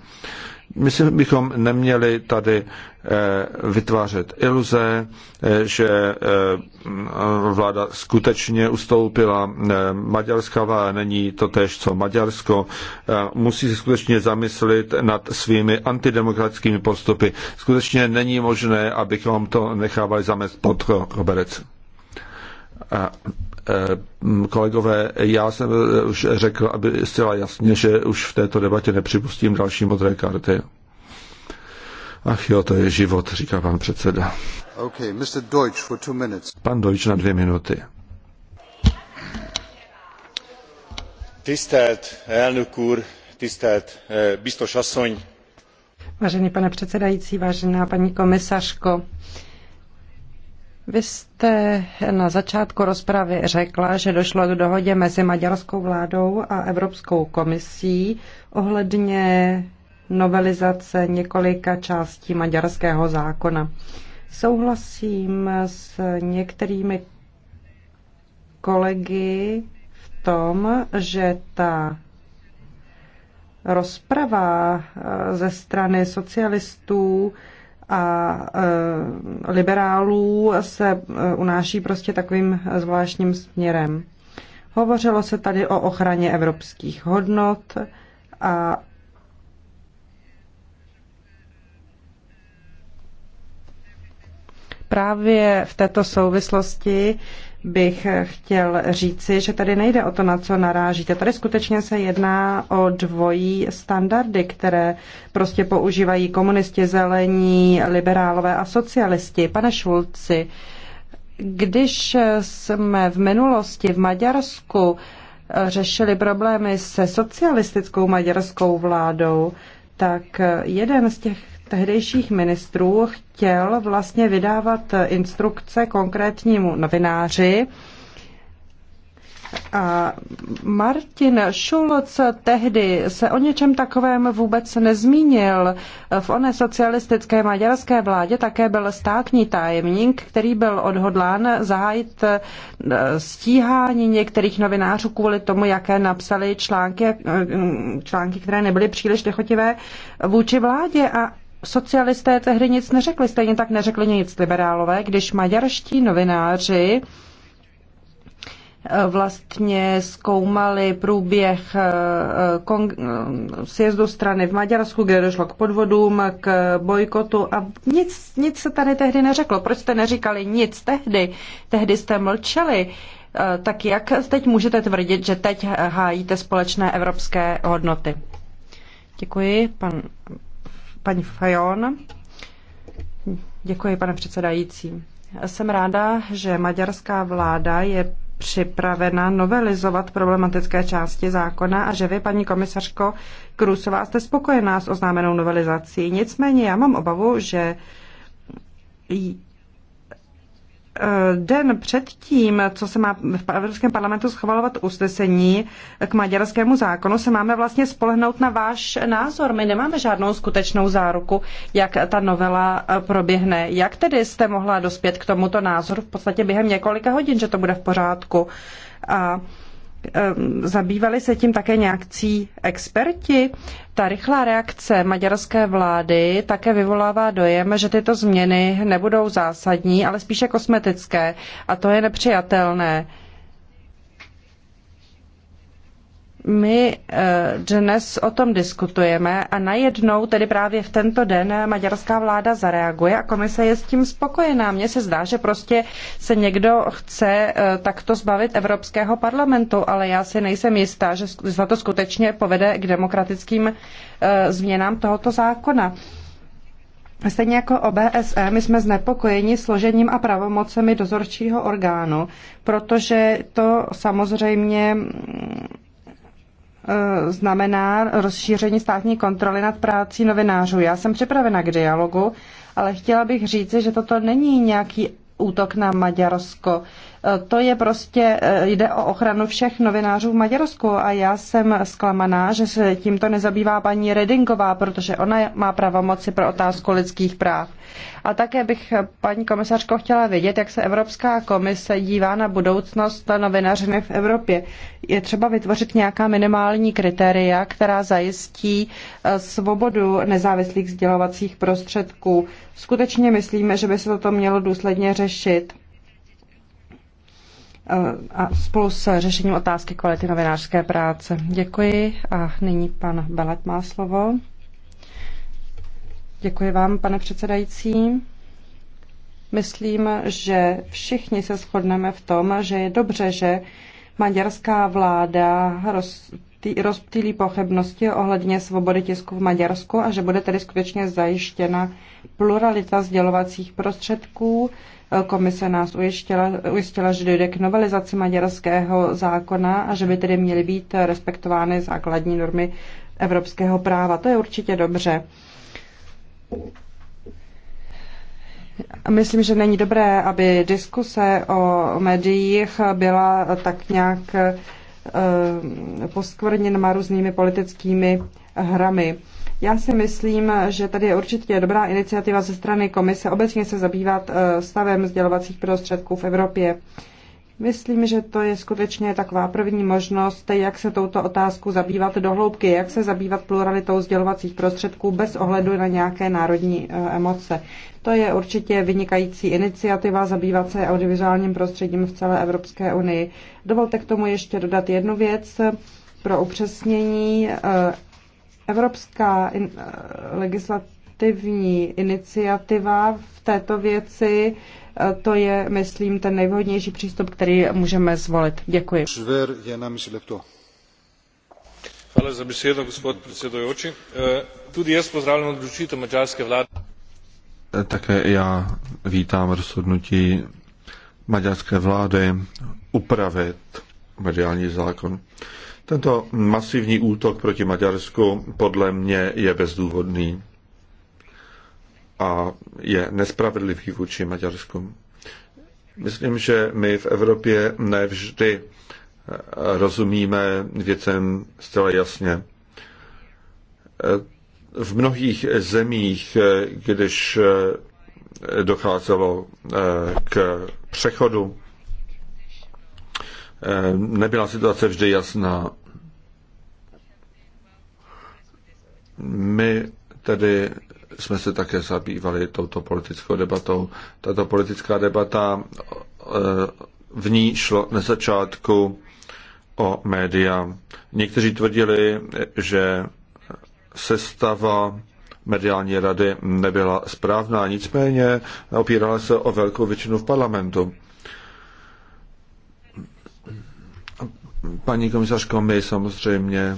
Myslím, bychom neměli tady eh, vytvářet iluze, že hm, vláda skutečně ustoupila. Maďarská vláda není to tež, co Maďarsko. Musí se skutečně zamyslit nad svými antidemokratickými postupy. Skutečně není možné, abychom to nechávali zamest pod koberec. A e, kolegové, já jsem e, už řekl, aby zcela jasně, že už v této debatě nepřipustím další modré karty. Ach jo, to je život, říká pan předseda. Okay, Mr. Deutsch for two minutes. Pan Deutsch na dvě minuty. Tisztelt elnök úr, tisztelt e, biztos asszony. Vážený pane předsedající, vážená paní komisařko, vy jste na začátku rozpravy řekla, že došlo k dohodě mezi maďarskou vládou a Evropskou komisí ohledně novelizace několika částí maďarského zákona. Souhlasím s některými kolegy v tom, že ta rozprava eh, ze strany socialistů a e, liberálů se e, unáší prostě takovým zvláštním směrem. Hovořilo se tady o ochraně evropských hodnot a právě v této souvislosti bych chtěl říci, že tady nejde o to, na co narážíte. Tady skutečně se jedná o dvojí standardy, které prostě používají komunisti, zelení, liberálové a socialisti. Pane Šulci, když jsme v minulosti v Maďarsku řešili problémy se socialistickou maďarskou vládou, tak jeden z těch tehdejších ministrů chtěl vlastně vydávat instrukce konkrétnímu novináři, a Martin Šulc tehdy se o něčem takovém vůbec nezmínil. V oné socialistické maďarské vládě také byl státní tajemník, který byl odhodlán zahájit eh, stíhání některých novinářů kvůli tomu, jaké napsali články, eh, články které nebyly příliš nechotivé vůči vládě. A socialisté tehdy nic neřekli, stejně tak neřekli nic liberálové, když maďarští novináři eh, vlastně zkoumali průběh eh, eh, sjezdu strany v Maďarsku, kde došlo k podvodům, k bojkotu a nic, nic se tady tehdy neřeklo. Proč jste neříkali nic tehdy? Tehdy jste mlčeli. Tak jak teď můžete tvrdit, že teď hájíte společné evropské hodnoty? Děkuji, pan Paní Fajon. Děkuji, pane předsedající. Jsem ráda, že maďarská vláda je připravena novelizovat problematické části zákona a že vy, paní komisařko Krusová, jste spokojená s oznámenou novelizací. Nicméně já mám obavu, že den předtím, co se má v Evropském parlamentu schvalovat usnesení k maďarskému zákonu, se máme vlastně spolehnout na váš názor. My nemáme žádnou skutečnou záruku, jak ta novela proběhne. Jak tedy jste mohla dospět k tomuto názoru v podstatě během několika hodin, že to bude v pořádku? A Ehm, zabývali se tím také nějakcí experti? Ta rychlá reakce maďarské vlády také vyvolává dojem, že tyto změny nebudou zásadní, ale spíše kosmetické a to je nepřijatelné. my eh, dnes o tom diskutujeme a najednou, tedy právě v tento den, eh, maďarská vláda zareaguje a komise je s tím spokojená. Mně se zdá, že prostě se někdo chce eh, takto zbavit Evropského parlamentu, ale já si nejsem jistá, že za to skutečně povede k demokratickým změnám tohoto zákona. Stejně jako OBSE, my jsme znepokojeni složením a pravomocemi dozorčího orgánu, protože to samozřejmě Eh, znamená rozšíření státní kontroly nad práci novinářů. Já jsem připravena k dialogu, ale chtěla bych říci, že toto není nějaký útok na Maďarsko. E, to je prostě, e, jde o ochranu všech novinářů v Maďarsku a já jsem zklamaná, že se tímto nezabývá paní Redingová, protože ona má pravomoci pro otázku lidských práv. A také bych, paní komisařko, chtěla vědět, jak se Evropská komise dívá na budoucnost novinařiny v Evropě. Je třeba vytvořit nějaká minimální kritéria, která zajistí e, svobodu nezávislých sdělovacích prostředků. Skutečně myslíme, že by se toto mělo důsledně řešit řešit eh, a spolu s řešením otázky kvality novinářské práce. Děkuji a nyní pan Balet má slovo. Děkuji vám, pane předsedající. Myslím, že všichni se shodneme v tom, že je dobře, že maďarská vláda roz rozptýlí pochybnosti ohledně svobody tisku v Maďarsku a že bude tedy skutečně zajištěna pluralita sdělovacích prostředků. Komise nás ujištěla, ujistila, že dojde k novelizaci maďarského zákona a že by tedy měly být respektovány základní normy evropského práva. To je určitě dobře. Myslím, že není dobré, aby diskuse o médiích byla tak nějak Eh, poskvrněn má různými politickými hrami. Já si myslím, že tady je určitě dobrá iniciativa ze strany komise obecně se zabývat eh, stavem sdělovacích prostředků v Evropě. Myslím, že to je skutečně taková první možnost, jak se touto otázku zabývat dohloubky, jak se zabývat pluralitou sdělovacích prostředků bez ohledu na nějaké národní e, emoce. To je určitě vynikající iniciativa zabývat se audiovizuálním prostředím v celé Evropské unii. Dovolte k tomu ještě dodat jednu věc pro upřesnění. E, Evropská e, legislativní iniciativa v této věci to je, myslím, ten nejvhodnější přístup, který můžeme zvolit. Děkuji. Hvala za besedo, gospod predsedujoči. E, tudi jaz pozdravljam odločitev mađarske vlade. E, také já vítám rozhodnutí maďarské vlády upravit mediální zákon. Tento masivní útok proti Maďarsku podle mě je bezdůvodný a je nespravedlivý vůči Maďarsku. Myslím, že my v Evropě nevždy eh, rozumíme věcem zcela jasně. Eh, v mnohých zemích, eh, když docházelo k přechodu, nebyla situace vždy jasná. My tedy jsme se také zabývali touto politickou debatou. Tato politická debata eh, v ní šlo na začátku o média. Někteří tvrdili, že sestava mediální rady nebyla správná, nicméně opírala se o velkou většinu v parlamentu. Paní komisařko, my samozřejmě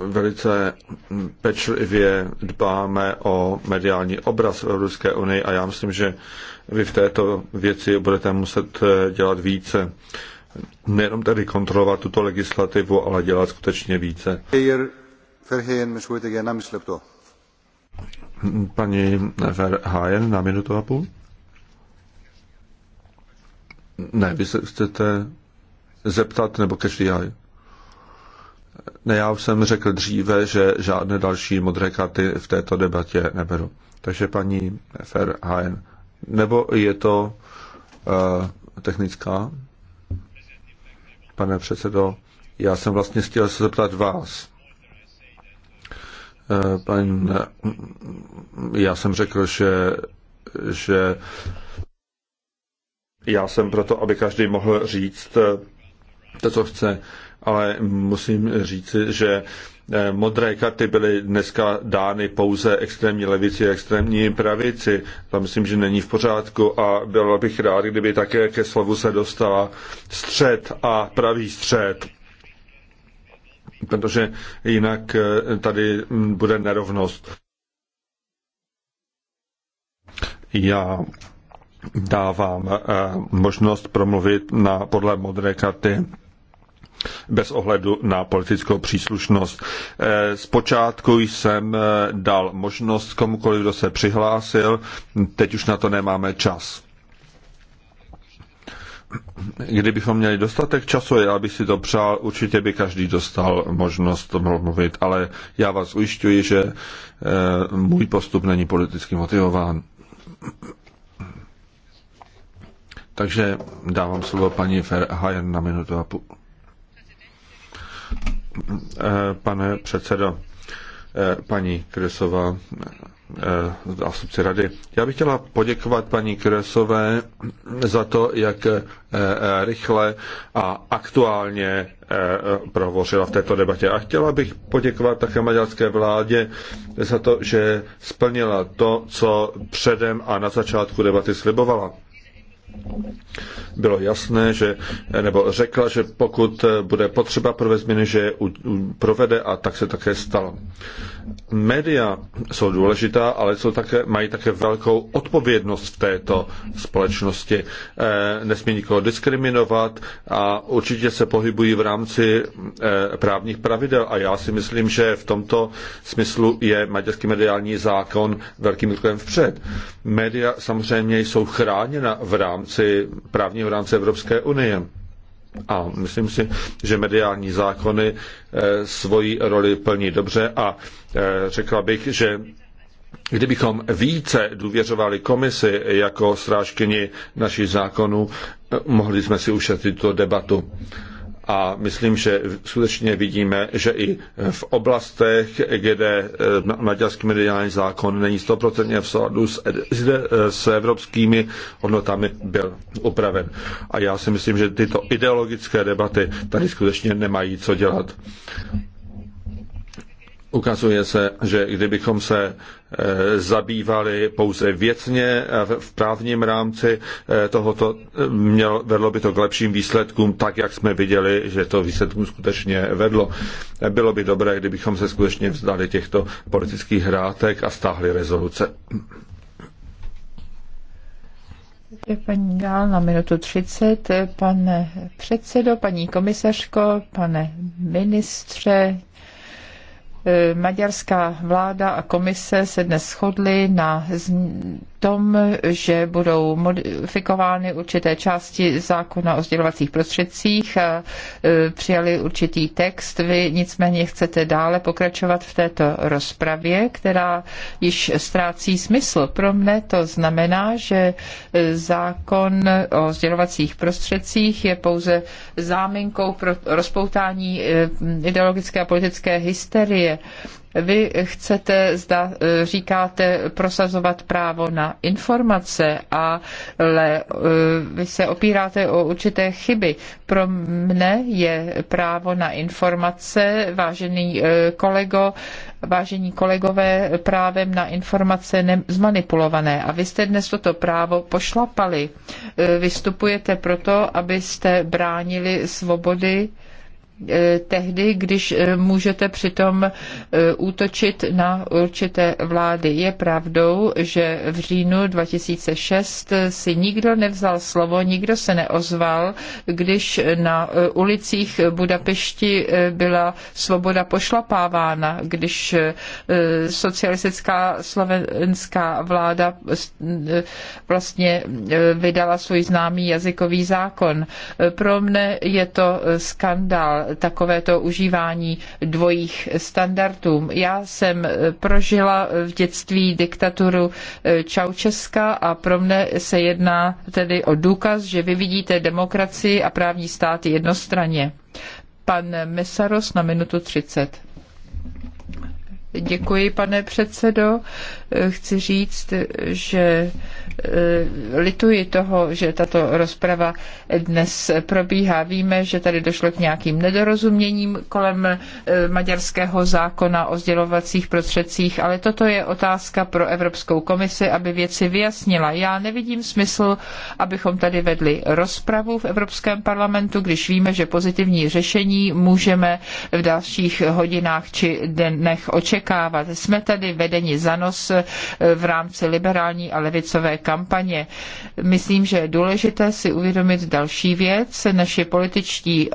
velice pečlivě dbáme o mediální obraz Evropské unie a já myslím, že vy v této věci budete muset eh, dělat více. Nejenom tedy kontrolovat tuto legislativu, ale dělat skutečně více. Paní Verhaen na minutu a půl. Ne, vy se chcete zeptat nebo kešli ne, já už jsem řekl dříve, že žádné další modré karty v této debatě neberu. Takže paní Ferhajen. Nebo je to uh, technická? Pane předsedo, já jsem vlastně chtěl se zeptat vás. Uh, pan, já jsem řekl, že, že já jsem proto, aby každý mohl říct eh, to, co chce ale musím říci, že eh, modré karty byly dneska dány pouze extrémní levici a extrémní pravici. To myslím, že není v pořádku a byl bych rád, kdyby také ke slovu se dostala střed a pravý střed. Protože jinak eh, tady hm, bude nerovnost. Já dávám eh, možnost promluvit na podle modré karty bez ohledu na politickou příslušnost. Eh, zpočátku jsem eh, dal možnost komukoliv, kdo se přihlásil, teď už na to nemáme čas. Kdybychom měli dostatek času, já bych si to přál, určitě by každý dostal možnost to mluvit, ale já vás ujišťuji, že eh, můj postup není politicky motivován. Takže dávám slovo paní Ferhajen na minutu a půl pane předsedo, paní Kresová, zástupci rady. Já bych chtěla poděkovat paní Kresové za to, jak eh, rychle a aktuálně eh, prohovořila v této debatě. A chtěla bych poděkovat také maďarské vládě za to, že splnila to, co předem a na začátku debaty slibovala bylo jasné, že, nebo řekla, že pokud bude potřeba provést změny, že je provede a tak se také stalo. Média jsou důležitá, ale jsou také, mají také velkou odpovědnost v této společnosti. E, nesmí nikoho diskriminovat a určitě se pohybují v rámci e, právních pravidel a já si myslím, že v tomto smyslu je maďarský mediální zákon velkým krokem vpřed. Média samozřejmě jsou chráněna v rámci rámci právního rámce Evropské unie. A myslím si, že mediální zákony eh, svoji roli plní dobře a eh, řekla bych, že Kdybychom více důvěřovali komisi jako strážkyni našich zákonů, eh, mohli jsme si ušetřit tu debatu a myslím, že skutečně vidíme, že i v oblastech, kde eh, maďarský mediální zákon není stoprocentně v souladu s, s evropskými hodnotami, byl upraven. A já si myslím, že tyto ideologické debaty tady skutečně nemají co dělat. Ukazuje se, že kdybychom se e, zabývali pouze věcně v právním rámci e, tohoto, e, mělo, vedlo by to k lepším výsledkům, tak jak jsme viděli, že to výsledkům skutečně vedlo. Bylo by dobré, kdybychom se skutečně vzdali těchto politických hrátek a stáhli rezoluce. Paní Gál na minutu 30. Pane předsedo, paní komisařko, pane ministře, Eh, maďarská vláda a komise se dnes shodly na tom, že budou modifikovány určité části zákona o sdělovacích prostředcích eh, přijali určitý text. Vy nicméně chcete dále pokračovat v této rozpravě, která již ztrácí smysl. Pro mne to znamená, že eh, zákon o sdělovacích prostředcích je pouze záminkou pro rozpoutání eh, ideologické a politické hysterie. Vy chcete, zda e, říkáte, prosazovat právo na informace, ale e, vy se opíráte o určité chyby. Pro mne je právo na informace, vážený e, kolego, vážení kolegové, právem na informace zmanipulované. A vy jste dnes toto právo pošlapali. Vystupujete proto, abyste bránili svobody Eh, tehdy, když eh, můžete přitom eh, útočit na určité vlády. Je pravdou, že v říjnu 2006 si nikdo nevzal slovo, nikdo se neozval, když na ulicích Budapešti byla svoboda pošlapávána, když socialistická slovenská vláda vlastně vydala svůj známý jazykový zákon. Pro mne je to skandál takovéto užívání dvojích standardů. Já jsem eh, prožila v dětství diktaturu eh, Čaučeska a pro mne se jedná tedy o důkaz, že vy vidíte demokracii a právní státy jednostranně. Pan Mesaros na minutu 30. Děkuji, pane předsedo. Eh, chci říct, že Eh, lituji toho, že tato rozprava dnes probíhá. Víme, že tady došlo k nějakým nedorozuměním kolem eh, maďarského zákona o sdělovacích prostředcích, ale toto je otázka pro Evropskou komisi, aby věci vyjasnila. Já nevidím smysl, abychom tady vedli rozpravu v Evropském parlamentu, když víme, že pozitivní řešení můžeme v dalších hodinách či dnech očekávat. Jsme tady vedeni za nos eh, v rámci liberální a levicové kampaně. Myslím, že je důležité si uvědomit další věc. Naši političtí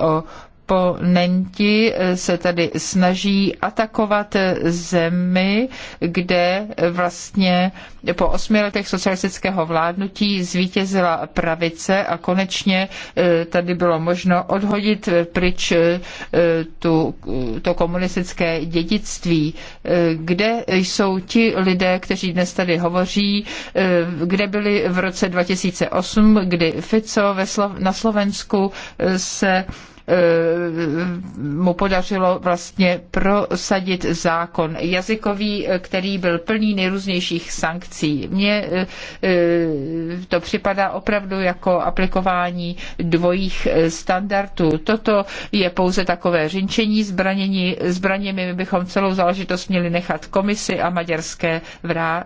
oponenti eh, se tady snaží atakovat eh, zemi, kde vlastně po osmi letech socialistického vládnutí zvítězila pravice a konečně eh, tady bylo možno odhodit pryč tu, to komunistické dědictví. Kde jsou ti lidé, kteří dnes tady hovoří, kde byli v roce 2008, kdy Fico na Slovensku se Eh, mu podařilo vlastně prosadit zákon jazykový, eh, který byl plný nejrůznějších sankcí. Mně eh, to připadá opravdu jako aplikování dvojích standardů. Toto je pouze takové řinčení zbranění, zbraněmi. My bychom celou záležitost měli nechat komisi a maďarské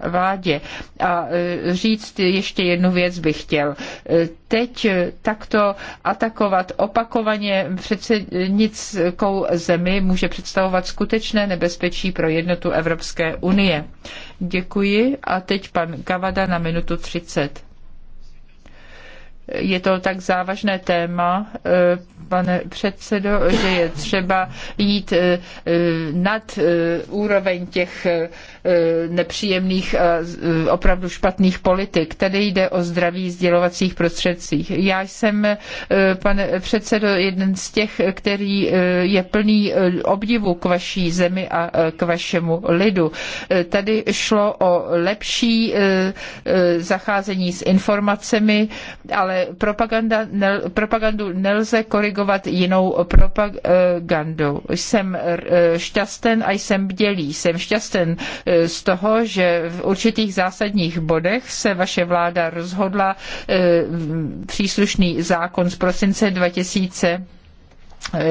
vládě. A říct ještě jednu věc bych chtěl. Teď takto atakovat opakovaně předsednickou zemi může představovat skutečné nebezpečí pro jednotu Evropské unie. Děkuji a teď pan Kavada na minutu 30. Je to tak závažné téma, eh, pane předsedo, že je třeba jít eh, eh, nad úroveň těch Eh, nepříjemných, eh, eh, opravdu špatných politik. Tady jde o zdraví sdělovacích prostředcích. Já jsem, pane předsedo, jeden z těch, který je plný obdivu k vaší zemi a k vašemu lidu. Tady šlo o lepší zacházení s informacemi, ale propaganda, propagandu nelze korigovat jinou propagandou. Jsem šťasten a jsem bdělý. Jsem šťasten, z toho, že v určitých zásadních bodech se vaše vláda rozhodla eh, příslušný zákon z prosince 2000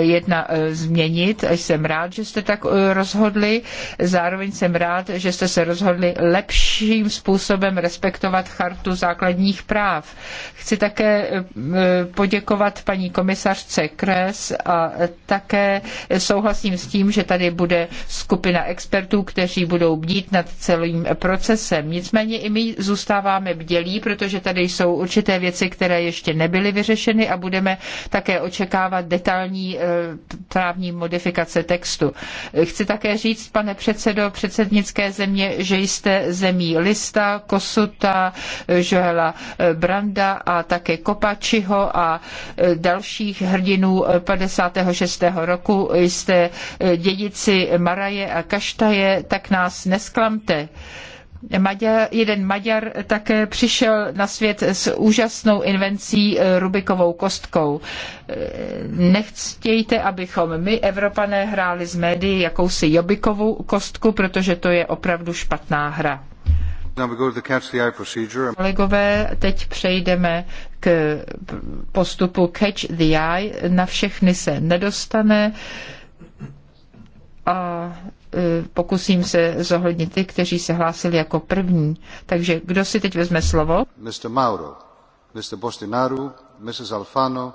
jedna eh, změnit. Jsem rád, že jste tak eh, rozhodli. Zároveň jsem rád, že jste se rozhodli lepším způsobem respektovat chartu základních práv. Chci také eh, poděkovat paní komisařce Kres a také souhlasím s tím, že tady bude skupina expertů, kteří budou bdít nad celým procesem. Nicméně i my zůstáváme bdělí, protože tady jsou určité věci, které ještě nebyly vyřešeny a budeme také očekávat detailní formální eh, právní modifikace textu. Chci také říct, pane předsedo předsednické země, že jste zemí Lista, Kosuta, eh, Joela eh, Branda a také Kopačiho a dalších hrdinů 56. roku. Jste dědici Maraje a Kaštaje, tak nás nesklamte. Maďar, jeden Maďar také přišel na svět s úžasnou invencí eh, Rubikovou kostkou. Eh, nechtějte, abychom my, Evropané, hráli z médií jakousi Jobikovou kostku, protože to je opravdu špatná hra. Kolegové, teď přejdeme k postupu Catch the Eye. Na všechny se nedostane. A E, pokusím se zohlednit ty, kteří se hlásili jako první. Takže kdo si teď vezme slovo? Mr. Mauro, Mr. Bostinaru, Mrs. Alfano,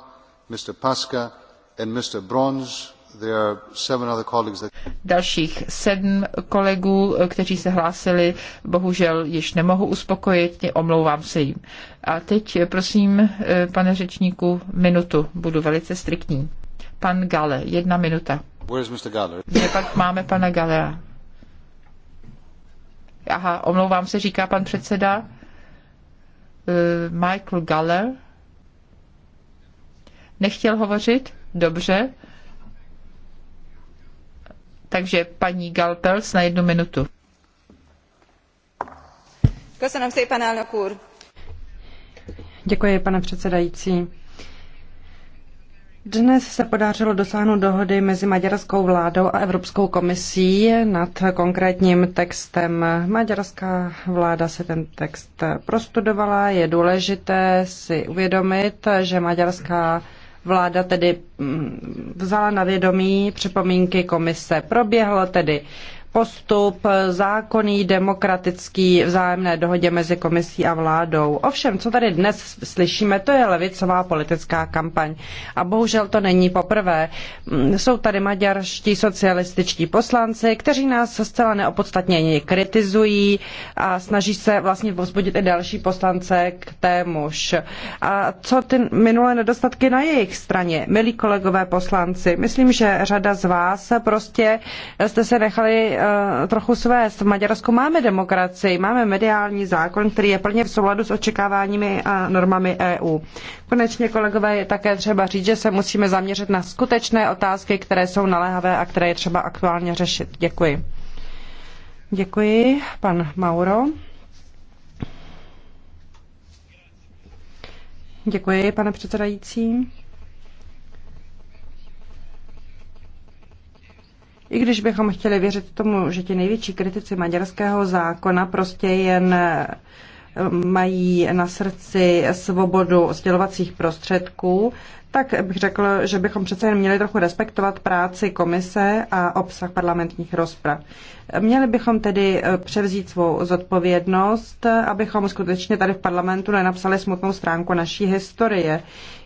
Mr. Pasca and Mr. Bronze. There are seven other colleagues that... Dalších sedm kolegů, e, kteří se hlásili, bohužel již nemohu uspokojit, omlouvám se jim. A teď e, prosím, pane řečníku, minutu, budu velice striktní. Pan Gale, jedna minuta. Where's Mr. Galler? Ne, pak máme pana Gallera. Aha, omlouvám se, říká pan předseda. Uh, Michael Galler. Nechtěl hovořit? Dobře. Takže paní Galpels na jednu minutu. Děkuji, pane předsedající dnes se podařilo dosáhnout dohody mezi maďarskou vládou a Evropskou komisí nad konkrétním textem. Maďarská vláda se ten text prostudovala. Je důležité si uvědomit, že maďarská vláda tedy mm, vzala na vědomí připomínky komise. Proběhl tedy postup zákonný, demokratický, vzájemné dohodě mezi komisí a vládou. Ovšem, co tady dnes slyšíme, to je levicová politická kampaň. A bohužel to není poprvé. Mm, Jsou tady maďarští socialističtí poslanci, kteří nás zcela neopodstatněně kritizují a snaží se vlastně vzbudit i další poslance k témuž. A co ty minulé nedostatky na jejich straně? Milí kolegové poslanci, myslím, že řada z vás prostě jste se nechali Eh, trochu svést. V Maďarsku máme demokracii, máme mediální zákon, který je plně v souladu s očekáváními a normami EU. Konečně, kolegové, je také třeba říct, že se musíme zaměřit na skutečné otázky, které jsou naléhavé a které je třeba aktuálně řešit. Děkuji. Děkuji, pan Mauro. Děkuji, pane předsedající. I když bychom chtěli věřit tomu, že ti největší kritici maďarského zákona prostě jen eh, mají na srdci svobodu sdělovacích prostředků, tak bych řekl, že bychom přece jen měli trochu respektovat práci komise a obsah parlamentních rozprav. Měli bychom tedy eh, převzít svou zodpovědnost, abychom skutečně tady v parlamentu nenapsali smutnou stránku naší historie.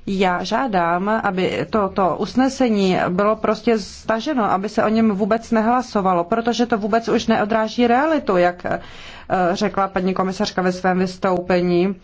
Já žádám, aby toto usnesení bylo prostě staženo, aby se o něm vůbec nehlasovalo, protože to vůbec už neodráží realitu, jak eh, řekla paní komisařka ve svém vystoupení.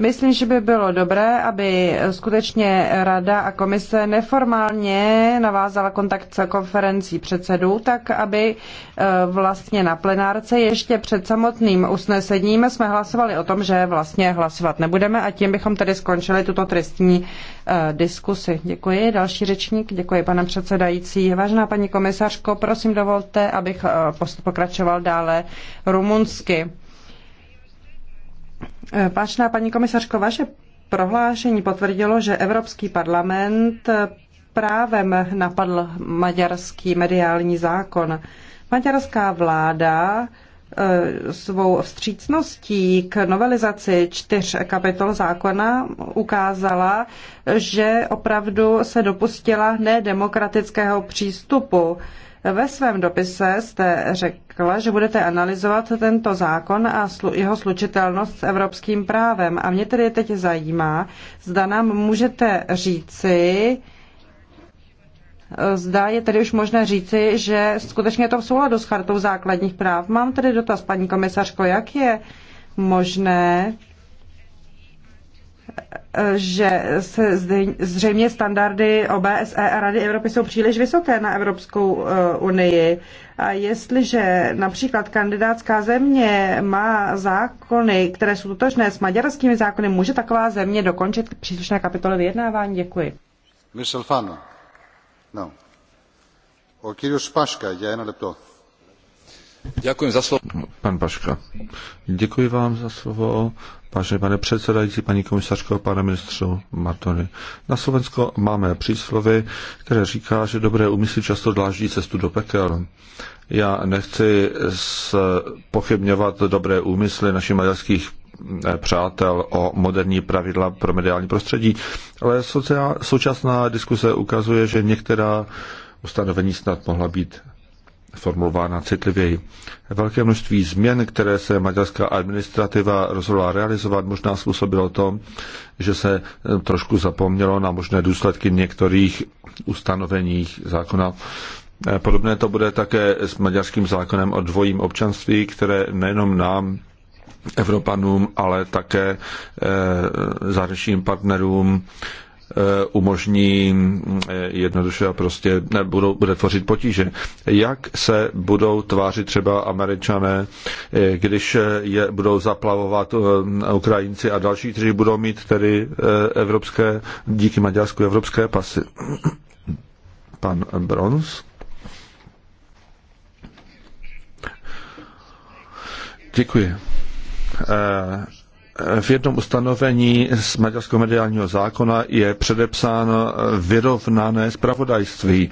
Myslím, že by bylo dobré, aby skutečně Rada a komise neformálně navázala kontakt s konferencí předsedů, tak aby e, vlastně na plenárce ještě před samotným usnesením jsme hlasovali o tom, že vlastně hlasovat nebudeme a tím bychom tedy skončili tuto trestní e, diskusi. Děkuji. Další řečník. Děkuji, pane předsedající. Vážená paní komisařko, prosím dovolte, abych e, pokračoval dále rumunsky. Vážená paní komisařko, vaše prohlášení potvrdilo, že Evropský parlament právem napadl maďarský mediální zákon. Maďarská vláda eh, svou vstřícností k novelizaci čtyř kapitol zákona ukázala, že opravdu se dopustila nedemokratického přístupu ve svém dopise jste řekla, že budete analyzovat tento zákon a jeho slučitelnost s evropským právem. A mě tedy teď zajímá, zda nám můžete říci, Zda je tedy už možné říci, že skutečně je to v souladu s chartou základních práv. Mám tedy dotaz, paní komisařko, jak je možné že se zde, zřejmě standardy OBSE a Rady Evropy jsou příliš vysoké na Evropskou eh, unii. A jestliže například kandidátská země má zákony, které jsou totožné s maďarskými zákony, může taková země dokončit příslušné kapitoly vyjednávání? Děkuji. Ms. Alfano. No. O Paška, já jen lepto. Děkuji za slovo. Pan Paška, děkuji vám za slovo. Vážený pane předsedající, paní komisařko, pane ministře Martony. Na Slovensko máme příslovy, které říká, že dobré úmysly často dláždí cestu do pekel. Já nechci pochybňovat dobré úmysly našich maďarských eh, přátel o moderní pravidla pro mediální prostředí, ale sociál, současná diskuse ukazuje, že některá ustanovení snad mohla být formulována citlivěji. Velké množství změn, které se maďarská administrativa rozhodla realizovat, možná způsobilo to, že se eh, trošku zapomnělo na možné důsledky některých ustanoveních zákona. Eh, podobné to bude také s maďarským zákonem o dvojím občanství, které nejenom nám Evropanům, ale také e, zahraničním partnerům Eh, umožní eh, jednoduše a prostě ne, budou, bude tvořit potíže. Jak se budou tvářit třeba američané, eh, když je budou zaplavovat Ukrajinci a další, kteří budou mít tedy evropské, díky Maďarsku evropské pasy? Pan Brons. Děkuji v jednom ustanovení z maďarského mediálního zákona je předepsáno vyrovnané spravodajství.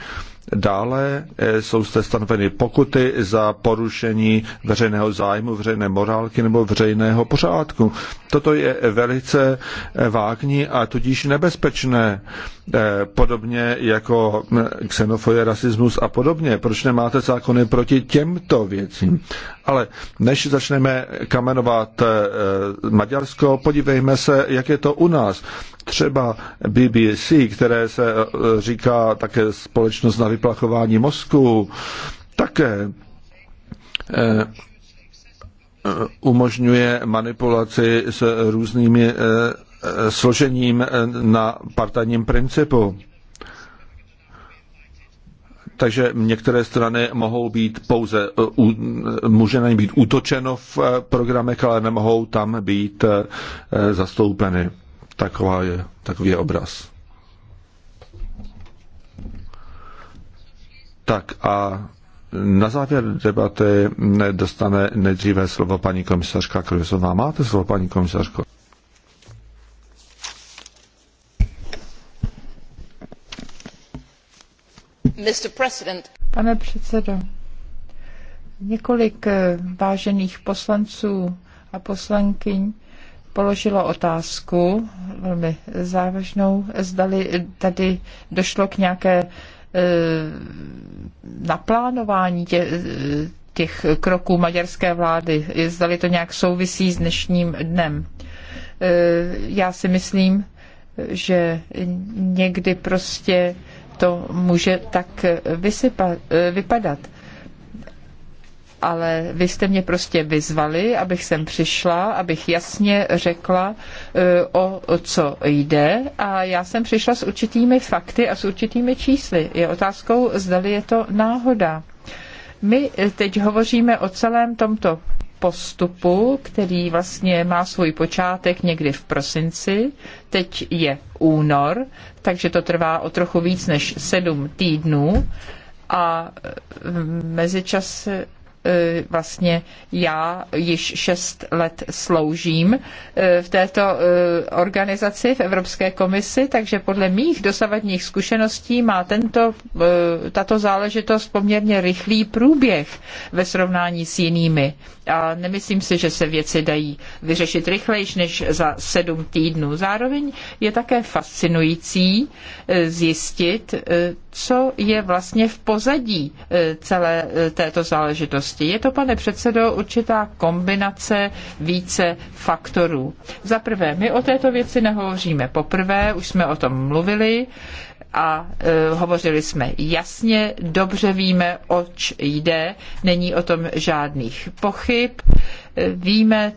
Dále eh, jsou zde stanoveny pokuty za porušení veřejného zájmu, veřejné morálky nebo veřejného pořádku. Toto je velice eh, vágní a tudíž nebezpečné, eh, podobně jako hm, xenofobie, rasismus a podobně. Proč nemáte zákony proti těmto věcím? Ale než začneme kamenovat Maďarsko, podívejme se, jak je to u nás. Třeba BBC, které se říká také společnost na vyplachování mozku, také eh, eh, umožňuje manipulaci s různými eh, složením na partajním principu. Takže některé strany mohou být pouze, může na ně být útočeno v programech, ale nemohou tam být zastoupeny. Taková je, takový je obraz. Tak a na závěr debaty dostane nejdříve slovo paní komisařka Krysová. Máte slovo, paní komisařko? Pane předsedo, několik eh, vážených poslanců a poslankyň položilo otázku, velmi závažnou, zdali tady došlo k nějaké Eh, naplánování těch, eh, těch kroků maďarské vlády, zdali to nějak souvisí s dnešním dnem. Eh, já si myslím, že někdy prostě to může tak vysypa, vypadat ale vy jste mě prostě vyzvali, abych sem přišla, abych jasně řekla, e, o co jde a já jsem přišla s určitými fakty a s určitými čísly. Je otázkou, zdali je to náhoda. My teď hovoříme o celém tomto postupu, který vlastně má svůj počátek někdy v prosinci, teď je únor, takže to trvá o trochu víc než sedm týdnů a mezičas E, vlastně já již šest let sloužím e, v této e, organizaci, v Evropské komisi, takže podle mých dosavadních zkušeností má tento, tato záležitost poměrně rychlý průběh ve srovnání s jinými. A nemyslím si, že se věci dají vyřešit rychlejš než za sedm týdnů. Zároveň je také fascinující zjistit, co je vlastně v pozadí celé této záležitosti společnosti. Je to, pane předsedo, určitá kombinace více faktorů. Za prvé, my o této věci nehovoříme poprvé, už jsme o tom mluvili a e, hovořili jsme jasně, dobře víme, oč jde, není o tom žádných pochyb. E, víme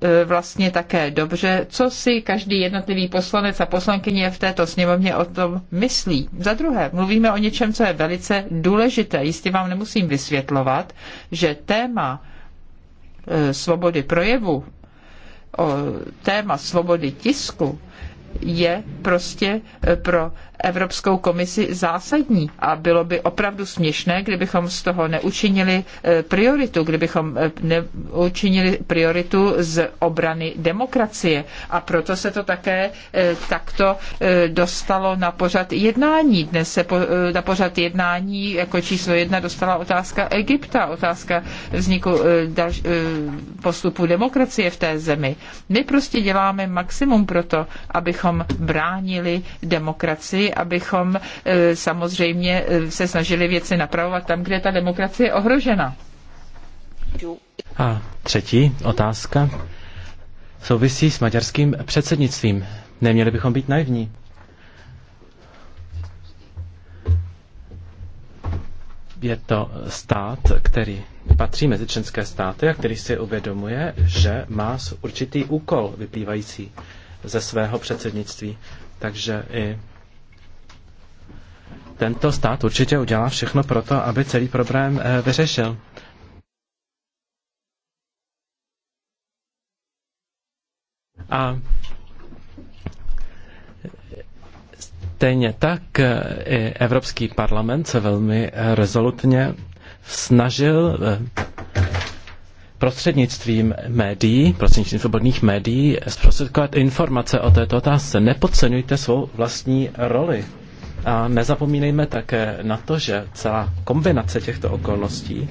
E, vlastně také dobře, co si každý jednotlivý poslanec a poslankyně v této sněmovně o tom myslí. Za druhé, mluvíme o něčem, co je velice důležité. Jistě vám nemusím vysvětlovat, že téma e, svobody projevu, téma svobody tisku je prostě e, pro Evropskou komisi zásadní a bylo by opravdu směšné, kdybychom z toho neučinili eh, prioritu, kdybychom eh, neučinili prioritu z obrany demokracie. A proto se to také eh, takto dostalo na pořad jednání. Dnes se na pořad jednání jako číslo jedna dostala otázka Egypta, otázka vzniku postupu demokracie v té zemi. My prostě děláme maximum pro to, abychom bránili demokracii abychom e, samozřejmě e, se snažili věci napravovat tam, kde ta demokracie je ohrožena. A třetí otázka souvisí s maďarským předsednictvím. Neměli bychom být naivní. Je to stát, který patří mezi členské státy a který si uvědomuje, že má určitý úkol vyplývající ze svého předsednictví. Takže i tento stát určitě udělá všechno pro to, aby celý problém eh, vyřešil. A stejně tak eh, i Evropský parlament se velmi eh, rezolutně snažil prostřednictvím médií, prostřednictvím svobodných médií, zprostředkovat informace o této otázce. Nepodceňujte svou vlastní roli a nezapomínejme také na to, že celá kombinace těchto okolností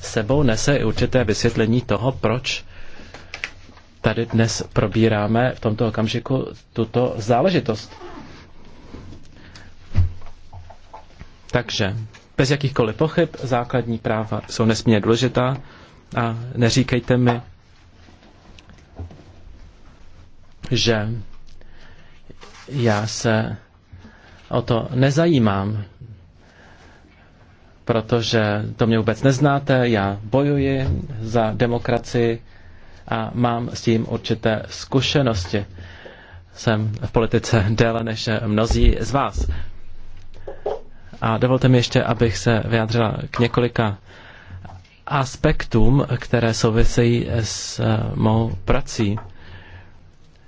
sebou nese i určité vysvětlení toho, proč tady dnes probíráme v tomto okamžiku tuto záležitost. Takže bez jakýchkoliv pochyb základní práva jsou nesmírně důležitá a neříkejte mi, že já se o to nezajímám, protože to mě vůbec neznáte, já bojuji za demokracii a mám s tím určité zkušenosti. Jsem v politice déle než mnozí z vás. A dovolte mi ještě, abych se vyjádřila k několika aspektům, které souvisejí s eh, mou prací.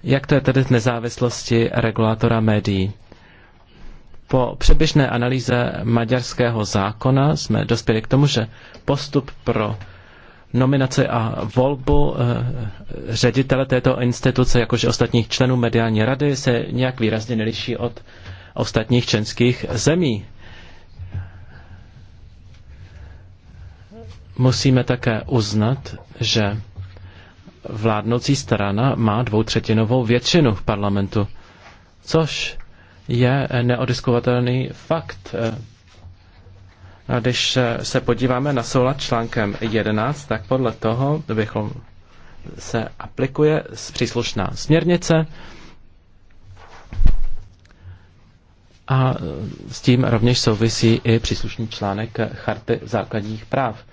Jak to je tedy v nezávislosti regulátora médií? Po přeběžné analýze maďarského zákona jsme dospěli k tomu, že postup pro nominaci a volbu eh, ředitele této instituce, jakož ostatních členů mediální rady, se nějak výrazně neliší od ostatních členských zemí. Musíme také uznat, že vládnoucí strana má dvoutřetinovou většinu v parlamentu, což je neodiskovatelný fakt. A když se podíváme na soulad článkem 11, tak podle toho bychom se aplikuje příslušná směrnice a s tím rovněž souvisí i příslušný článek Charty základních práv.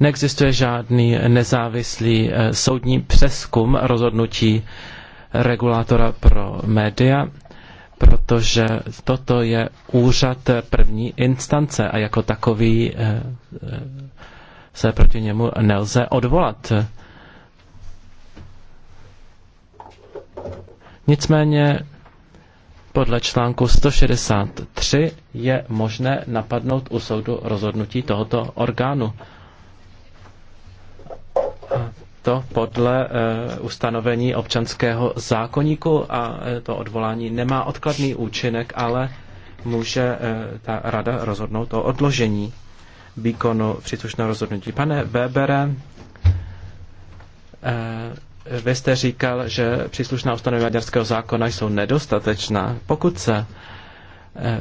Neexistuje žádný nezávislý eh, soudní přeskum rozhodnutí regulátora pro média, protože toto je úřad první instance a jako takový eh, eh, se proti němu nelze odvolat. Nicméně podle článku 163 je možné napadnout u soudu rozhodnutí tohoto orgánu. A to podle eh, ustanovení občanského zákoníku a eh, to odvolání nemá odkladný účinek, ale může eh, ta rada rozhodnout o odložení výkonu příslušného rozhodnutí. Pane Webere, vy jste říkal, že příslušná ustanovení maďarského zákona jsou nedostatečná. Pokud se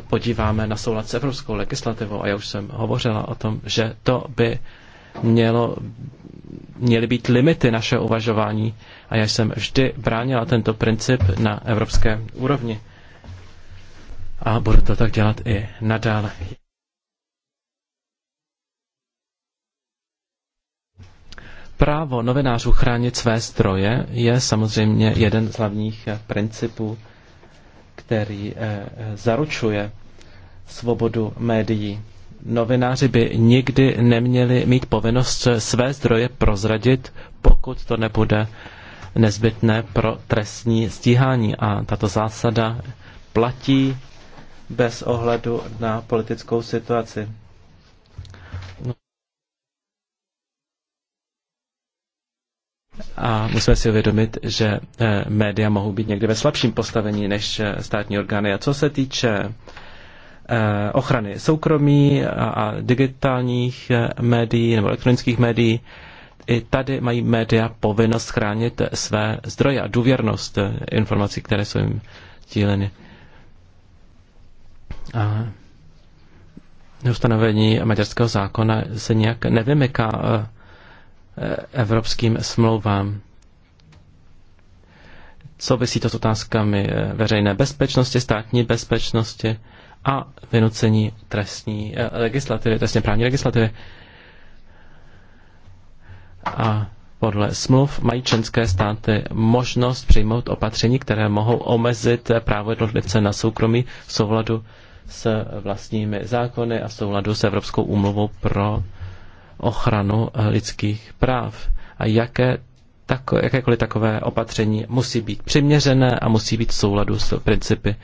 podíváme na soulad s evropskou legislativou, a já už jsem hovořila o tom, že to by mělo, měly být limity našeho uvažování a já jsem vždy bránila tento princip na evropské úrovni. A budu to tak dělat i nadále. Právo novinářů chránit své stroje je samozřejmě jeden z hlavních eh, principů, který eh, eh, zaručuje svobodu médií novináři by nikdy neměli mít povinnost své zdroje prozradit, pokud to nebude nezbytné pro trestní stíhání. A tato zásada platí bez ohledu na politickou situaci. A musíme si uvědomit, že eh, média mohou být někdy ve slabším postavení než eh, státní orgány. A co se týče Eh, ochrany soukromí a digitálních eh, médií nebo elektronických médií. I tady mají média povinnost chránit své zdroje a důvěrnost eh, informací, které jsou jim díleny. A ustanovení maďarského zákona se nějak nevymyká evropským smlouvám. Co to s otázkami veřejné bezpečnosti, státní bezpečnosti, a vynucení trestní eh, legislativy, trestně právní legislativy. A podle smluv mají členské státy možnost přijmout opatření, které mohou omezit právo jednotlivce na soukromí v souladu s vlastními zákony a v souladu s Evropskou úmluvou pro ochranu lidských práv. A jaké tako, jakékoliv takové opatření musí být přiměřené a musí být v souladu s principy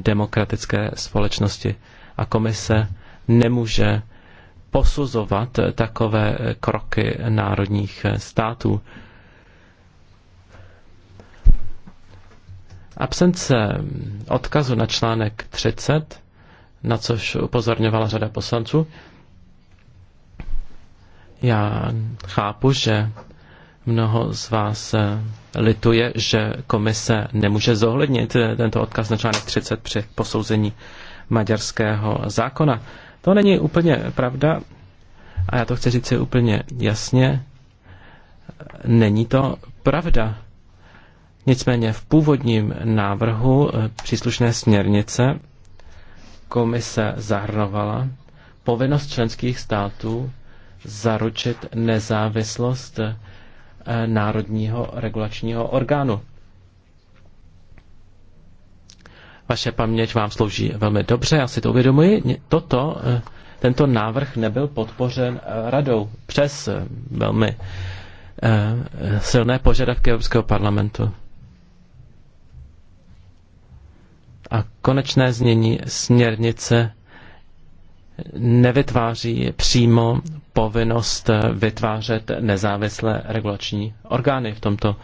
demokratické společnosti. A komise nemůže posuzovat takové kroky národních států. Absence odkazu na článek 30, na což upozorňovala řada poslanců, já chápu, že Mnoho z vás eh, lituje, že komise nemůže zohlednit eh, tento odkaz na článek 30 při posouzení maďarského zákona. To není úplně pravda a já to chci říct si úplně jasně. Není to pravda. Nicméně v původním návrhu eh, příslušné směrnice komise zahrnovala povinnost členských států zaručit nezávislost Eh, národního regulačního orgánu. Vaše paměť vám slouží velmi dobře, já si to uvědomuji. Toto, eh, tento návrh nebyl podpořen eh, radou přes velmi silné požadavky Evropského parlamentu. A konečné znění směrnice nevytváří přímo povinnost vytvářet nezávislé regulační orgány v tomto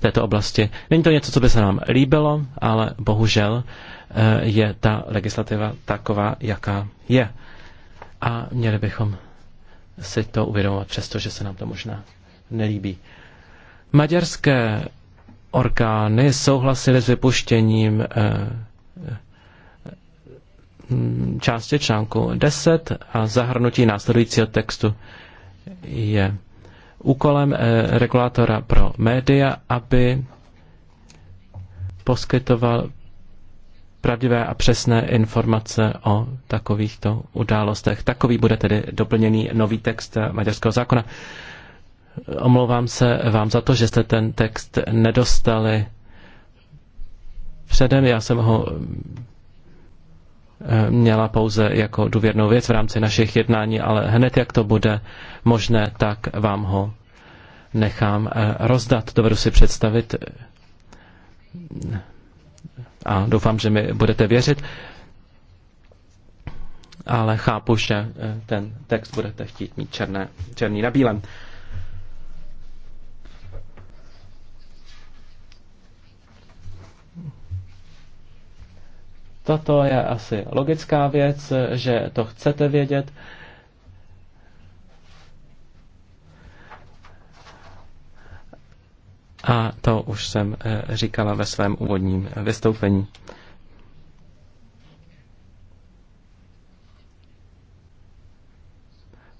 této oblasti. Není to něco, co by se nám líbilo, ale bohužel eh, je ta legislativa taková, jaká je. A měli bychom si to uvědomovat, přestože se nám to možná nelíbí. Maďarské orgány souhlasily s vypuštěním eh, Mm, části článku 10 a zahrnutí následujícího textu je úkolem eh, regulátora pro média, aby poskytoval pravdivé a přesné informace o takovýchto událostech. Takový bude tedy doplněný nový text maďarského zákona. Omlouvám se vám za to, že jste ten text nedostali předem. Já jsem ho měla pouze jako důvěrnou věc v rámci našich jednání, ale hned jak to bude možné, tak vám ho nechám eh, rozdat. Dovedu si představit eh, a doufám, že mi budete věřit, ale chápu, že eh, ten text budete chtít mít černé, černý na bílém. Toto je asi logická věc, že to chcete vědět. A to už jsem eh, říkala ve svém úvodním vystoupení.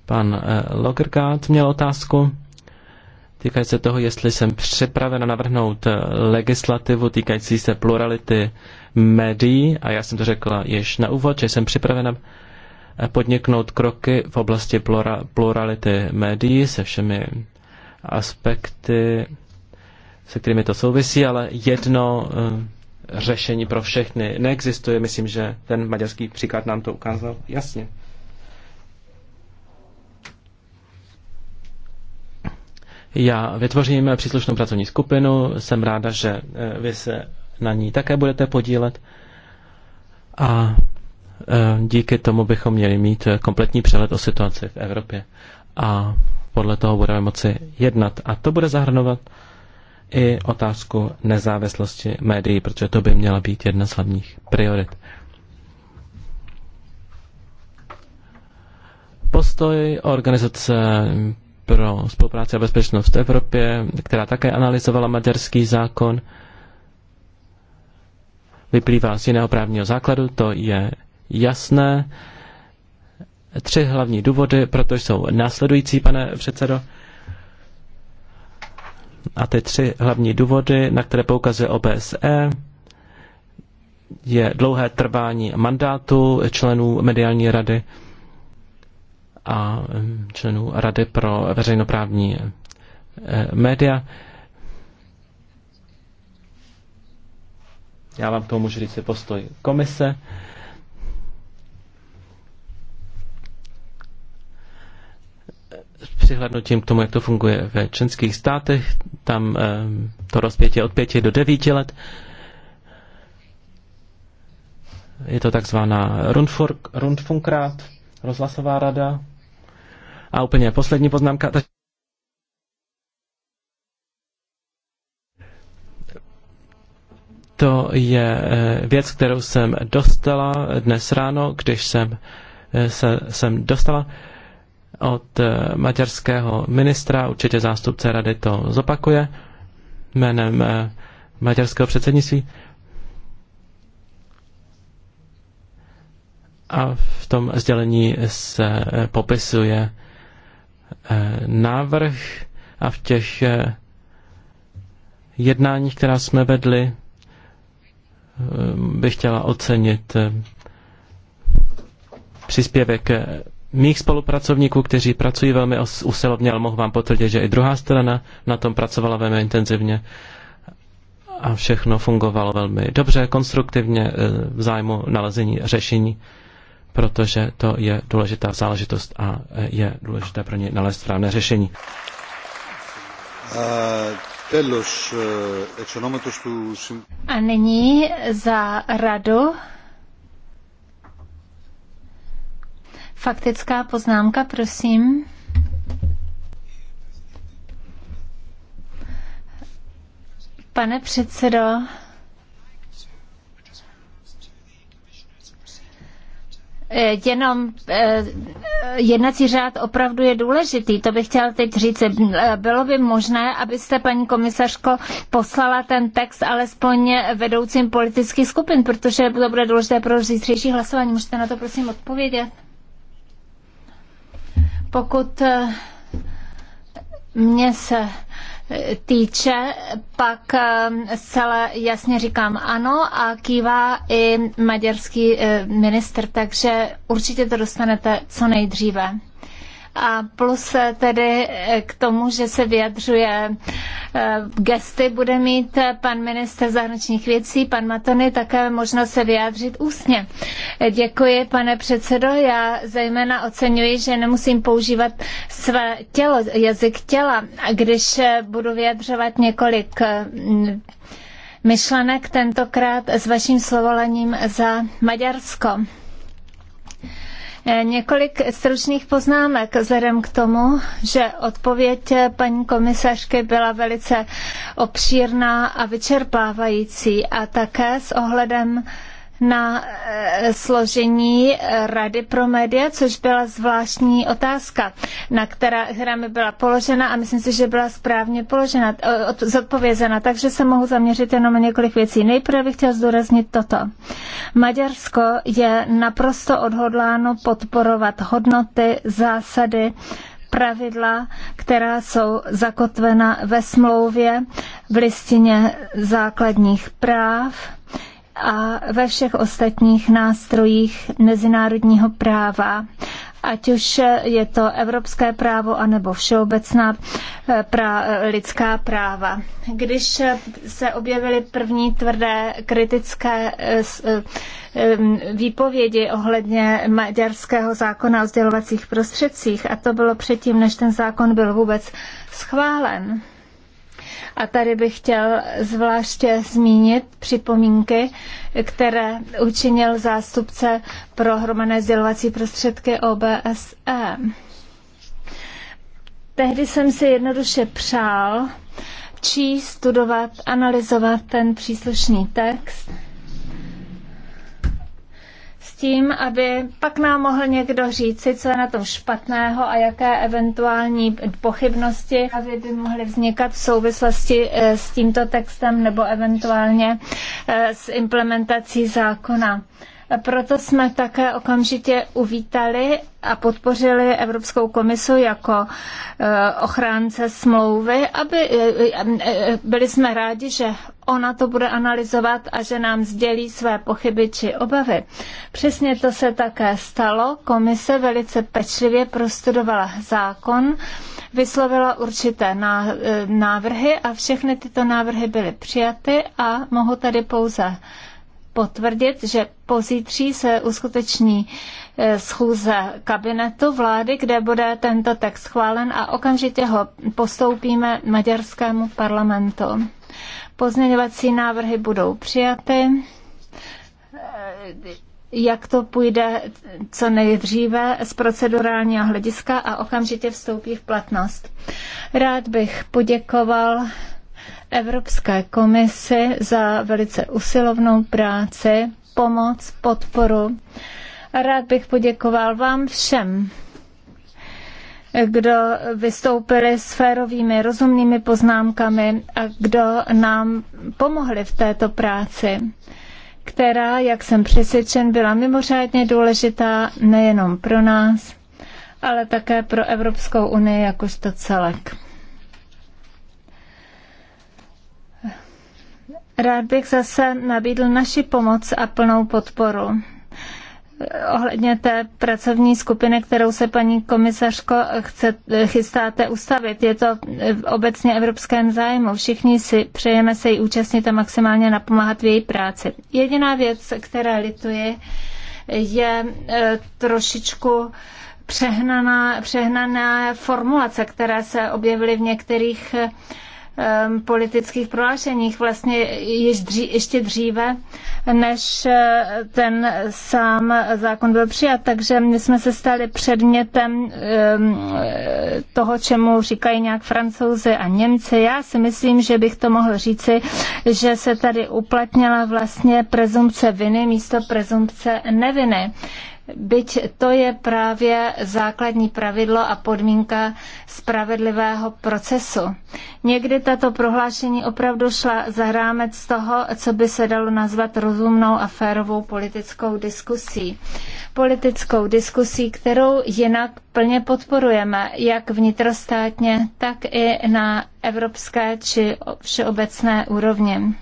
Pan eh, Lokerkát měl otázku týkající se toho, jestli jsem připravena navrhnout eh, legislativu týkající se plurality médií. A já jsem to řekla již na úvod, že jsem připravena eh, podniknout kroky v oblasti plura, plurality médií se všemi aspekty, se kterými to souvisí, ale jedno eh, řešení pro všechny neexistuje. Myslím, že ten maďarský příklad nám to ukázal jasně. Já vytvořím příslušnou pracovní skupinu, jsem ráda, že eh, vy se na ní také budete podílet a eh, díky tomu bychom měli mít kompletní přehled o situaci v Evropě a podle toho budeme moci jednat. A to bude zahrnovat i otázku nezávislosti médií, protože to by měla být jedna z hlavních priorit. Postoj organizace pro spolupráci a bezpečnost v Evropě, která také analyzovala maďarský zákon. Vyplývá z jiného právního základu, to je jasné. Tři hlavní důvody, protože jsou následující, pane předsedo. A ty tři hlavní důvody, na které poukazuje OBSE, je dlouhé trvání mandátu členů mediální rady, a členů Rady pro veřejnoprávní eh, média. Já vám k tomu můžu říct postoj komise. přihlednutím k tomu, jak to funguje ve členských státech. Tam to rozpětí od pěti do devíti let. Je to takzvaná Rundfunkrat, rozhlasová rada. A úplně poslední poznámka. To je eh, věc, kterou jsem dostala dnes ráno, když jsem eh, se jsem dostala od eh, maďarského ministra, určitě zástupce rady to zopakuje, jménem maďarského předsednictví. A v tom sdělení se popisuje Eh, návrh a v těch eh, jednáních, která jsme vedli, eh, bych chtěla ocenit příspěvek mých spolupracovníků, kteří pracují velmi usilovně, ale mohu vám potvrdit, že i druhá strana na tom pracovala velmi intenzivně a všechno fungovalo velmi dobře, konstruktivně v zájmu nalezení řešení protože to je důležitá záležitost a eh, je důležité pro ně nalézt správné řešení. Eh, eh, a nyní za radu faktická poznámka, prosím. Pane předsedo, Eh, jenom eh, jednací řád opravdu je důležitý. To bych chtěla teď říct. Eh, bylo by možné, abyste, paní komisařko, poslala ten text alespoň vedoucím politických skupin, protože to bude důležité pro zítřejší hlasování. Můžete na to prosím odpovědět? Pokud mě se týče, pak eh, celé jasně říkám ano a kývá i maďarský eh, minister, takže určitě to dostanete co nejdříve a plus tedy eh, k tomu, že se vyjadřuje eh, gesty, bude mít eh, pan minister zahraničních věcí, pan Matony, také možnost se vyjádřit ústně. Děkuji, pane předsedo. Já zejména oceňuji, že nemusím používat své tělo, jazyk těla, když budu vyjadřovat několik myšlenek tentokrát s vaším slovolením za Maďarsko. Eh, několik stručných poznámek vzhledem k tomu, že odpověď eh, paní komisařky byla velice obšírná a vyčerpávající a také s ohledem na eh, složení eh, Rady pro média, což byla zvláštní otázka, na která, která mi byla položena a myslím si, že byla správně položena, eh, zodpovězena, takže se mohu zaměřit jenom na několik věcí. Nejprve bych chtěla zdůraznit toto. Maďarsko je naprosto odhodláno podporovat hodnoty, zásady, pravidla, která jsou zakotvena ve smlouvě v listině základních práv a ve všech ostatních nástrojích mezinárodního práva, ať už je to evropské právo anebo všeobecná eh, pra, eh, lidská práva. Když se objevily první tvrdé kritické eh, výpovědi ohledně maďarského zákona o sdělovacích prostředcích, a to bylo předtím, než ten zákon byl vůbec schválen, a tady bych chtěl zvláště zmínit připomínky, které učinil zástupce pro hromadné sdělovací prostředky OBSE. Tehdy jsem si jednoduše přál číst, studovat, analyzovat ten příslušný text tím, aby pak nám mohl někdo říci, co je na tom špatného a jaké eventuální pochybnosti aby by mohly vznikat v souvislosti eh, s tímto textem nebo eventuálně eh, s implementací zákona. Proto jsme také okamžitě uvítali a podpořili Evropskou komisu jako e, ochránce smlouvy, aby e, e, byli jsme rádi, že ona to bude analyzovat a že nám sdělí své pochyby či obavy. Přesně to se také stalo. Komise velice pečlivě prostudovala zákon, vyslovila určité návrhy a všechny tyto návrhy byly přijaty a mohu tady pouze potvrdit, že pozítří se uskuteční eh, schůze kabinetu vlády, kde bude tento text schválen a okamžitě ho postoupíme maďarskému parlamentu. Pozměňovací návrhy budou přijaty eh, jak to půjde co nejdříve z procedurálního hlediska a okamžitě vstoupí v platnost. Rád bych poděkoval Evropské komisi za velice usilovnou práci, pomoc, podporu. A rád bych poděkoval vám všem, kdo vystoupili s férovými, rozumnými poznámkami a kdo nám pomohli v této práci, která, jak jsem přesvědčen, byla mimořádně důležitá nejenom pro nás, ale také pro Evropskou unii jakožto celek. Rád bych zase nabídl naši pomoc a plnou podporu ohledně té pracovní skupiny, kterou se paní komisařko chce, chystáte ustavit. Je to v obecně evropském zájmu. Všichni si přejeme se jí účastnit a maximálně napomáhat v její práci. Jediná věc, která lituje, je e, trošičku přehnaná, přehnaná formulace, které se objevily v některých e, Um, politických prohlášeních vlastně ještě dříve, než uh, ten sám zákon byl přijat. Takže my jsme se stali předmětem um, toho, čemu říkají nějak francouzi a Němci. Já si myslím, že bych to mohl říci, že se tady uplatnila vlastně prezumce viny místo prezumce neviny byť to je právě základní pravidlo a podmínka spravedlivého procesu. Někdy tato prohlášení opravdu šla za rámec toho, co by se dalo nazvat rozumnou a férovou politickou diskusí. Politickou diskusí, kterou jinak plně podporujeme, jak vnitrostátně, tak i na evropské či všeobecné úrovni.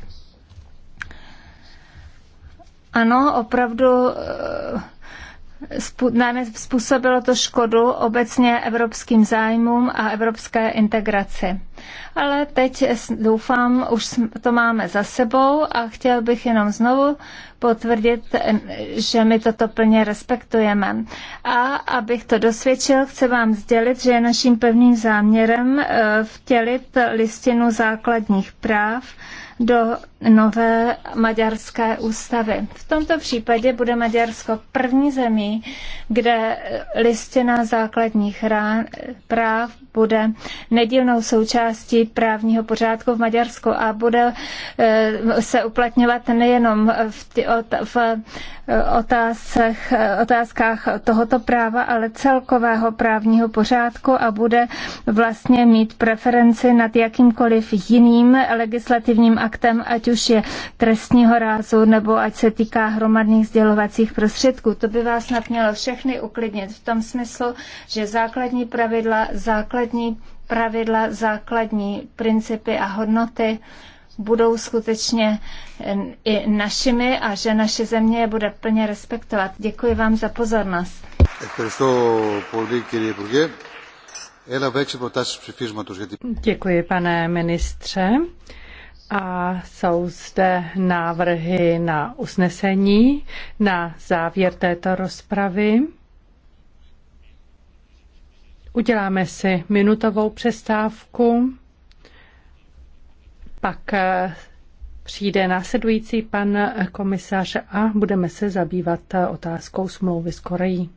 Ano, opravdu eh, způsobilo to škodu obecně evropským zájmům a evropské integraci. Ale teď doufám, už to máme za sebou a chtěl bych jenom znovu potvrdit, že my toto plně respektujeme. A abych to dosvědčil, chci vám sdělit, že je naším pevným záměrem eh, vtělit listinu základních práv do nové maďarské ústavy. V tomto případě bude Maďarsko první zemí, kde listina základních práv bude nedílnou součástí právního pořádku v Maďarsku a bude eh, se uplatňovat nejenom v, tě, v eh, otázkách, eh, otázkách tohoto práva, ale celkového právního pořádku a bude vlastně mít preferenci nad jakýmkoliv jiným legislativním aktem, ať už je trestního rázu nebo ať se týká hromadných sdělovacích prostředků. To by vás snad mělo všechny uklidnit v tom smyslu, že základní pravidla, základní základní pravidla, základní principy a hodnoty budou skutečně i našimi a že naše země je bude plně respektovat. Děkuji vám za pozornost. Děkuji, pane ministře. A jsou zde návrhy na usnesení na závěr této rozpravy. Uděláme si minutovou přestávku, pak eh, přijde následující pan komisař a budeme se zabývat eh, otázkou smlouvy s Koreí.